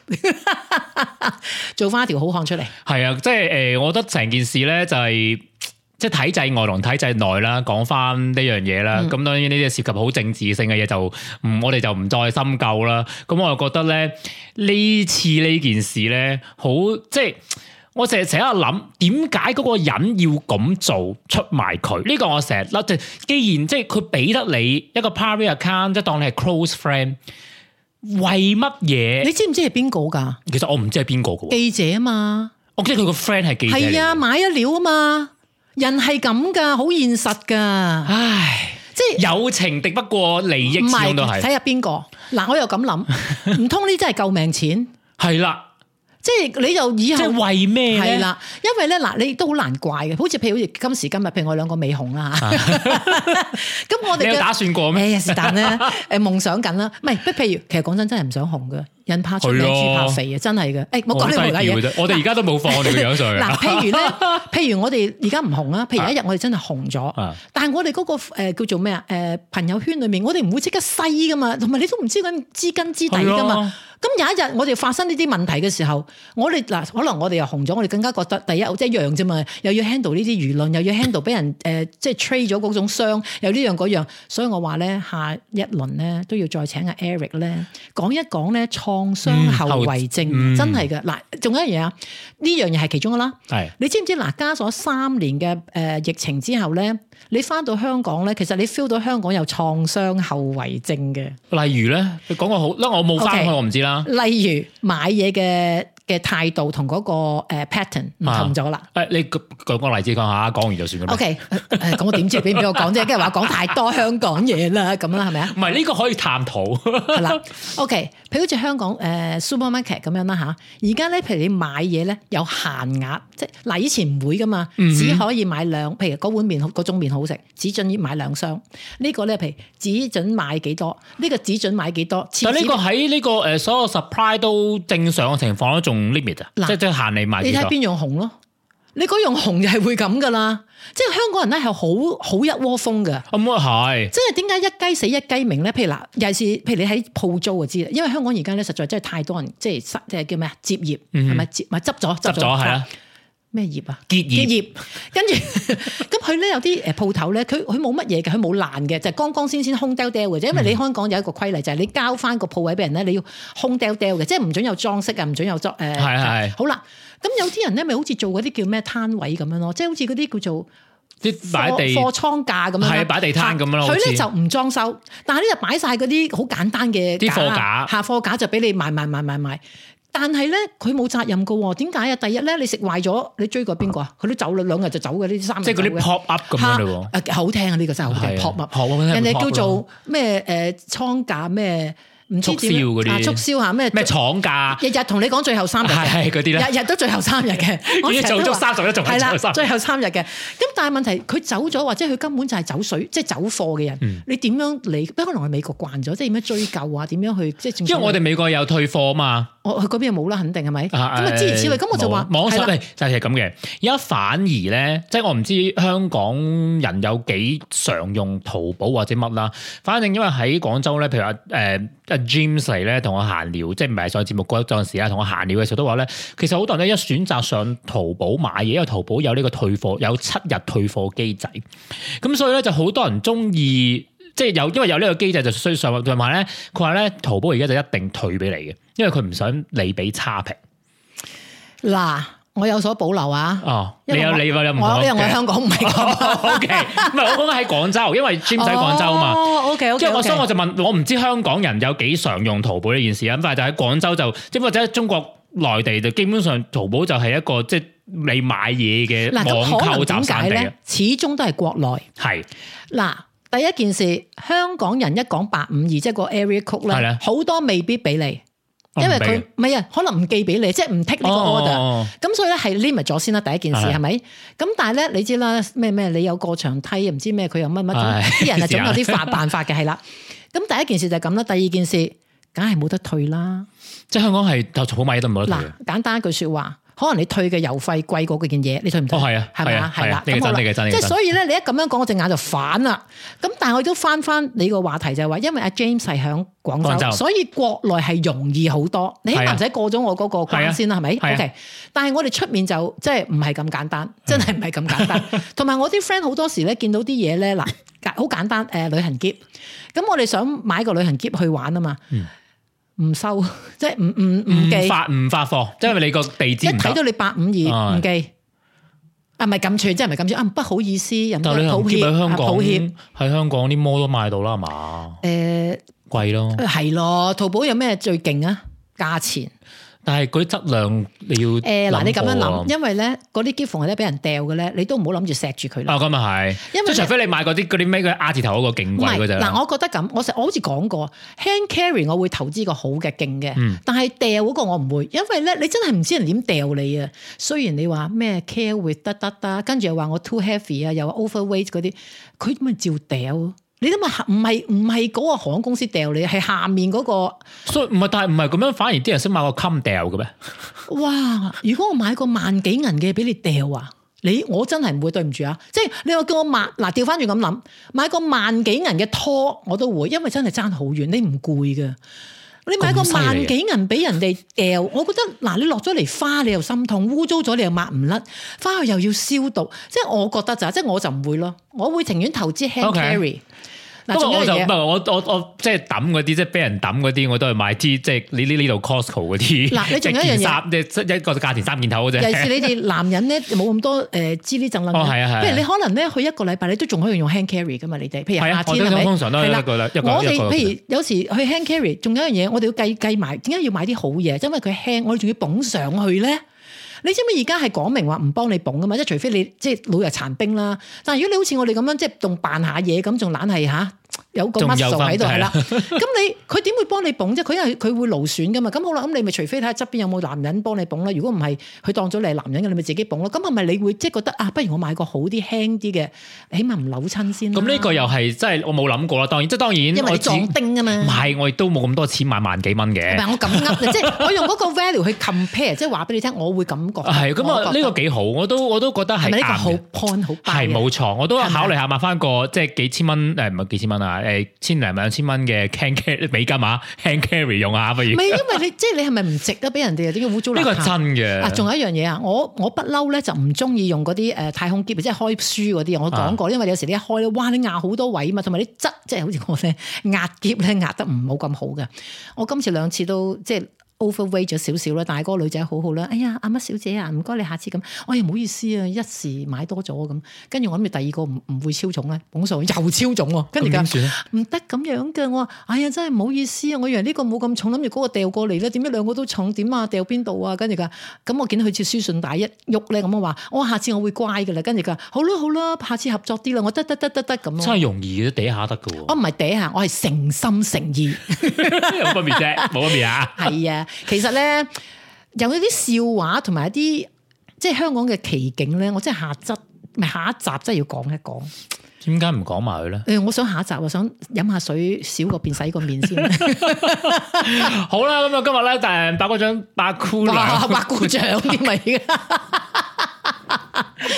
<laughs> 做翻一條好漢出嚟，係啊，即係誒，我覺得成件事咧就係、是、即係體制外同體制內啦，講翻呢樣嘢啦。咁、嗯、當然呢啲涉及好政治性嘅嘢，就唔我哋就唔再深究啦。咁我就覺得咧呢次呢件事咧，好即係我成日成日諗，點解嗰個人要咁做出賣佢？呢、這個我成日，即係既然即係佢俾得你一個 private account，即係當你係 close friend。為乜嘢？你知唔知係邊個噶？其實我唔知係邊個嘅記者啊嘛，我記得佢個 friend 係記者，係啊買咗料啊嘛，人係咁噶，好現實噶，唉，即係友情敵不過利益始，始終都係睇下邊個。嗱，我又咁諗，唔通呢？真係救命錢係啦。 <laughs> 即係你又以後係為咩咧？係啦，因為咧嗱，你亦都好難怪嘅。好似譬如好似今時今日，譬如我兩個未紅啦、啊、嚇，咁、啊、 <laughs> 我哋打算過咩？是但啦，誒夢想緊啦、啊，唔係不譬如其實講真真係唔想紅㗎。人怕出名，豬怕肥啊！真係嘅，誒冇講你而嘢，我哋而家都冇放個樣上去。嗱 <laughs> 呢， <laughs> 譬如咧，譬如、啊、我哋而家唔紅啦，譬如有一日我哋真係紅咗，但係我哋嗰個叫做咩啊？誒、呃、朋友圈裡面，我哋唔會即刻西噶嘛，同埋你都唔知資根知根知底噶嘛。咁的有一日我哋發生呢啲問題嘅時候，我哋嗱、呃、可能我哋又紅咗，我哋更加覺得第一即係一樣啫嘛，又要 handle 呢啲輿論，又要 handle 俾人誒、 <laughs> 呃、即係 trade 咗嗰種傷，有呢樣嗰樣。所以我話咧，下一輪咧都要再請阿、啊、Eric 咧講一講咧創傷後遺症、嗯、真係噶，嗱、嗯，仲有一樣嘢，呢樣嘢係其中噶啦。係是你知唔知嗱？加咗三年嘅誒疫情之後咧，你翻到香港咧，其實你 feel 到香港有創傷後遺症嘅。例如咧，你講個好，嗱我冇翻去，okay, 我唔知啦。例如買嘢嘅。嘅態度同嗰個 pattern 唔同咗啦。誒，你舉舉個例子講下，講完就算啦。O K，咁我點知俾唔俾我講啫？跟住話講太多香港嘢啦，咁啦，係咪啊？唔係呢個可以探討，係啦。O K，譬如好似香港誒 Supermarket 咁樣啦吓，而家咧譬如你買嘢咧有限額，即係嗱以前唔會噶嘛，只可以買兩，譬如嗰碗麵好，嗰種麵好食，只準買兩箱。呢個咧，譬如只準買幾多？呢個只準買幾多？但呢個喺呢個誒所有 supply 都正常嘅情況都仲。limit 啊，嗯、即係都限買你買。你睇邊樣紅咯？你嗰樣紅就係會咁噶啦。即係香港人咧係好好一窩蜂嘅。咁啊係。即係點解一雞死一雞鳴咧？譬如嗱，又是譬如你喺鋪租就知啦。因為香港而家咧實在真係太多人，即係即係叫咩啊？接業係咪、嗯、哼接咪執咗？執咗係啦。咩業啊？結業，跟住咁佢咧有啲誒鋪頭咧，佢佢冇乜嘢嘅，佢冇爛嘅，就係光光鮮鮮，空掉掉嘅啫。因為你香港有一個規例，就係、是、你交翻個鋪位俾人咧，你要空掉掉嘅，即係唔准有裝飾啊，唔准有裝誒。係、呃、係。是是是好啦，咁有啲人咧咪好似做嗰啲叫咩攤位咁樣咯，即係好似嗰啲叫做啲擺地貨倉架咁樣，係擺地攤咁樣咯。佢咧就唔裝修，但係咧就擺晒嗰啲好簡單嘅啲貨架，下貨架就俾你賣賣賣賣賣。但係咧，佢冇責任噶喎？點解啊？第日咧，你食壞咗，你追過邊個啊？佢都走啦，兩日就走嘅呢啲三日。即係嗰啲 pop up 咁樣好聽啊！呢、呢個真係好聽的炸人哋叫做咩？誒、呃，倉價咩？唔知點啊？促銷嚇，咩咩廠價？日日同你講最後三日啲日日都最後三日嘅。我成日都三十一，仲係最後三。最後三日嘅。咁但係問題，佢走咗，或者佢根本就係走水，即係走貨嘅人。嗯、你點樣嚟？不可能係美國慣咗，即係點樣追究啊？點樣去即係？因為我哋美國有退貨啊嘛。我去嗰邊又冇啦，肯定係咪？咁啊，諸、哎、如此類，咁我就話，網上就係咁嘅。而家反而咧，即係我唔知香港人有幾常用淘寶或者乜啦。反正因為喺廣州咧，譬如話誒阿 James 嚟咧，同、呃啊、我閒聊，即係唔係上節目嗰陣時同我閒聊嘅時候都話咧，其實好多人咧一選擇上淘寶買嘢，因為淘寶有呢個退貨，有七日退貨機制。咁所以咧就好多人鍾意，即係有因為有呢個機制就需上，同埋咧佢話咧淘寶而家就一定退俾你嘅。因為佢唔想你俾差評。嗱，我有所保留啊。哦，你有你話有唔同嘅，因為我香港唔係。O K，唔係我講緊喺廣州，因為 gym 仔廣州啊嘛。O K，O K。因為所以我就問我唔知香港人有幾常用淘寶呢件事，咁但係就喺廣州就即係或者中國內地就基本上淘寶就係一個即係你買嘢嘅網購集散地。始終都係國內。係嗱，第一件事，香港人一講八五二，即係個 area code 咧，好多未必俾你。因為佢唔係啊，可能唔寄俾你，即係唔 take 呢個 order，咁、哦哦哦哦、所以咧係 limit 咗先啦。第一件事係咪？咁是的 但係咧，你知啦，咩咩你有過長梯，批唔知咩，佢又乜乜，啲人啊總有啲壞辦法嘅，係啦、哎呀。咁 <laughs> 第一件事就係咁啦，第二件事梗係冇得退啦。即係香港係就超市買嘢都冇得退。嗱，簡單一句說話。可能你退嘅油費貴過嗰件嘢，你退唔退？哦係啊，係咪啊？係啦、啊，即係所以咧， <noise> 你一咁樣講，我隻眼就反啦。咁但係我都翻翻你個話題就係話，因為阿 James 係響廣州，州所以國內係容易好多。你起碼唔使過咗我嗰個關先啦，係咪？O K。啊啊、okay, 但係我哋出面就即係唔係咁簡單，真係唔係咁簡單。同埋、嗯、 <laughs> 我啲 friend 好多時咧見到啲嘢咧嗱，好簡單誒、呃呃，旅行篋。咁我哋想買個旅行篋去玩啊嘛。嗯唔收，即係唔唔唔寄，發唔發貨，即係因為你個地址一睇到你八五二唔寄，啊唔係咁串，即係唔係咁串啊？不好意思，人哋，但係你又見喺香港，喺香港啲 mall 都賣到啦，係嘛？誒，貴咯，係咯，淘寶有咩最勁啊？價錢。但係嗰啲質量你要、呃，誒嗱你咁樣諗，因為咧嗰啲幾乎係咧俾人掉嘅咧，你都唔好諗住錫住佢啦。啊咁啊係，即係、就是、因為 除非你買嗰啲嗰啲咩個 R 字頭嗰個勁貴嗰陣。嗱、呃，我覺得咁，我我好似講過，hand carry 我會投資個好嘅勁嘅，但係掉嗰個我唔會，因為咧你真係唔知人點掉你啊。雖然你話咩 care with 得得得，跟住又話我 too heavy 啊，又 overweight 嗰啲，佢咪照掉。你都唔係唔係嗰個航空公司掉你，係下面嗰個。所以唔係，但係唔係咁樣，反而啲人識買個襟掉嘅咩？ <laughs> 哇！如果我買個萬幾銀嘅俾你掉啊，你我真係唔會對唔住啊！即係你話叫我抹，嗱，調翻轉咁諗，買個萬幾銀嘅拖我都會，因為真係爭好遠，你唔攰嘅。你買個萬幾銀俾人哋掉，我覺得嗱，你落咗嚟花，你又心痛，污糟咗你又抹唔甩，花去又要消毒，即係我覺得咋，即係我就唔會咯，我會情願投資 hand carry。Okay. 嗱，我就唔係我我我即係抌嗰啲，即係俾人抌嗰啲，我都係買啲即係呢呢呢度 Costco 嗰啲。嗱，你仲有一樣嘢，即係一個價錢三件頭嘅啫。尤其是你哋男人咧，就冇咁多誒，知呢陣啦。哦，係啊係啊。不如你可能咧，去一個禮拜，你都仲可以用 hand carry 嘅嘛？你哋，譬如係啊，我都通常都係一個禮。我哋譬如有時去 hand carry，仲有一樣嘢，我哋要計計埋，點解要買啲好嘢？因為佢輕，我哋仲要捧上去咧。你知唔知而家係講明話唔幫你捧㗎嘛？即除非你即係老弱殘兵啦。但係如果你好似我哋咁樣，即係仲扮下嘢咁，仲懶係嚇。有個 m a 喺度係啦，咁你佢點會幫你捧啫？佢係佢會勞損噶嘛？咁好啦，咁你咪除非睇下側邊有冇男人幫你捧啦。如果唔係，佢當咗你係男人嘅，你咪自己捧咯。咁係咪你會即係覺得啊？不如我買個好啲輕啲嘅，起碼唔扭親先。咁呢個又係即係我冇諗過啦。當然即係當然，因為撞釘啊嘛。唔係，我亦都冇咁多錢買萬幾蚊嘅。唔係我咁噏，即係我用嗰個 value 去 compare，即係話俾你聽，我會感覺係咁啊。呢個幾好，我都我都覺得係。係一個好 point，好係冇錯，我都考慮下買翻個即係幾千蚊，唔係幾千蚊嗯、兩啊！千零萬千蚊嘅 hand carry 美金啊，hand carry 用啊，不如唔係因為你即係 <laughs> 你係咪唔值得俾人哋點解污糟？呢個係真嘅啊！仲有一樣嘢、呃、啊，我我不嬲咧就唔中意用嗰啲誒太空喼，即係開書嗰啲。我講過，因為有時你一開，哇！你壓好多位嘛，同埋啲質即係好似我咧壓喼咧壓得唔好咁好嘅。我今次兩次都即係。overweight 咗少少啦，但係個女仔好好啦。哎呀，阿乜小姐啊，唔該你下次咁。哎呀，唔好意思啊，一時買多咗咁。跟住我諗住第二個唔唔會超重咧，磅數又超重喎、啊。跟住點算咧？唔得咁樣嘅，我話哎呀真係唔好意思啊，我以為呢個冇咁重，諗住嗰個掉過嚟咧，點解兩個都重？點啊？掉邊度啊？跟住噶，咁我見到佢似書信帶一喐咧咁我話，我、哦、下次我會乖嘅啦。跟住佢話，好啦好啦，下次合作啲啦，我得得得得得咁咯。真係容易嘅，嗲下得嘅。我唔係嗲下，我係誠心誠意。有分別啫，冇分別啊。係啊。其實咧，有啲笑話同埋一啲即係香港嘅奇景咧，我真係下集咪下一集真係要講一講。點解唔講埋佢咧？誒、呃，我想下一集我想飲下水，小個便洗個面先。 <laughs> <laughs> 好啦，咁啊，今日咧大係八姑娘、八姑娘、八姑娘啲咪。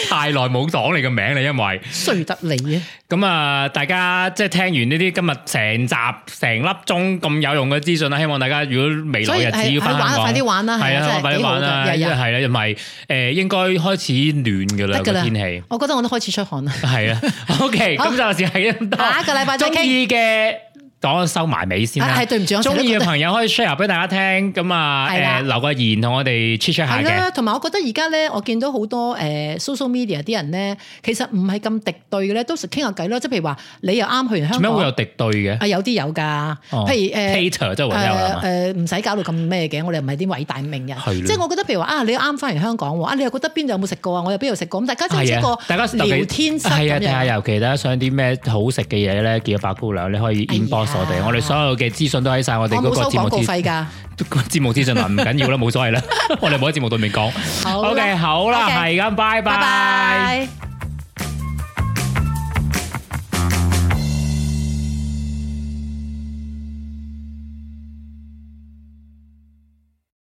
太耐冇講你個名啦，因為衰得你啊！咁啊，大家即係聽完呢啲今日成集成粒鐘咁有用嘅資訊啦，希望大家如果未來日子要翻香港，玩快啲玩啦，係啊，快啲玩啦，係啦，因為誒應該開始暖噶啦，個天氣，我覺得我都開始出汗啦，係啊，OK，咁暫時係咁多，下一個禮拜中意嘅。講收埋尾先啦，中意嘅朋友可以 share 俾大家聽，咁啊誒留個言同我哋 chat chat 下嘅。同埋我覺得而家咧，我見到好多誒 social media 啲人咧，其實唔係咁敵對嘅咧，都係傾下偈咯。即譬如話，你又啱去完香港，點解會有敵對嘅，啊？有啲有㗎，譬如誒 Peter 周圍啦，誒唔使搞到咁咩嘅。啊、我哋唔係啲偉大名人，了即係我覺得譬如話啊，你啱翻嚟香港喎，啊你又覺得邊度有冇食過，過，嗯、知知啊？我又邊度食過咁大家就一個大家聊天室，係啊，尤其大家想啲咩好食嘅嘢咧，叫八姑娘你可以啊、我哋所有嘅資訊都喺晒我哋嗰個節目資訊，節目資訊唔緊要啦，冇 <laughs> 所謂啦， <laughs> <laughs> 我哋冇喺節目對面講。好吧 OK，好啦，係咁 okay.，拜拜。Bye bye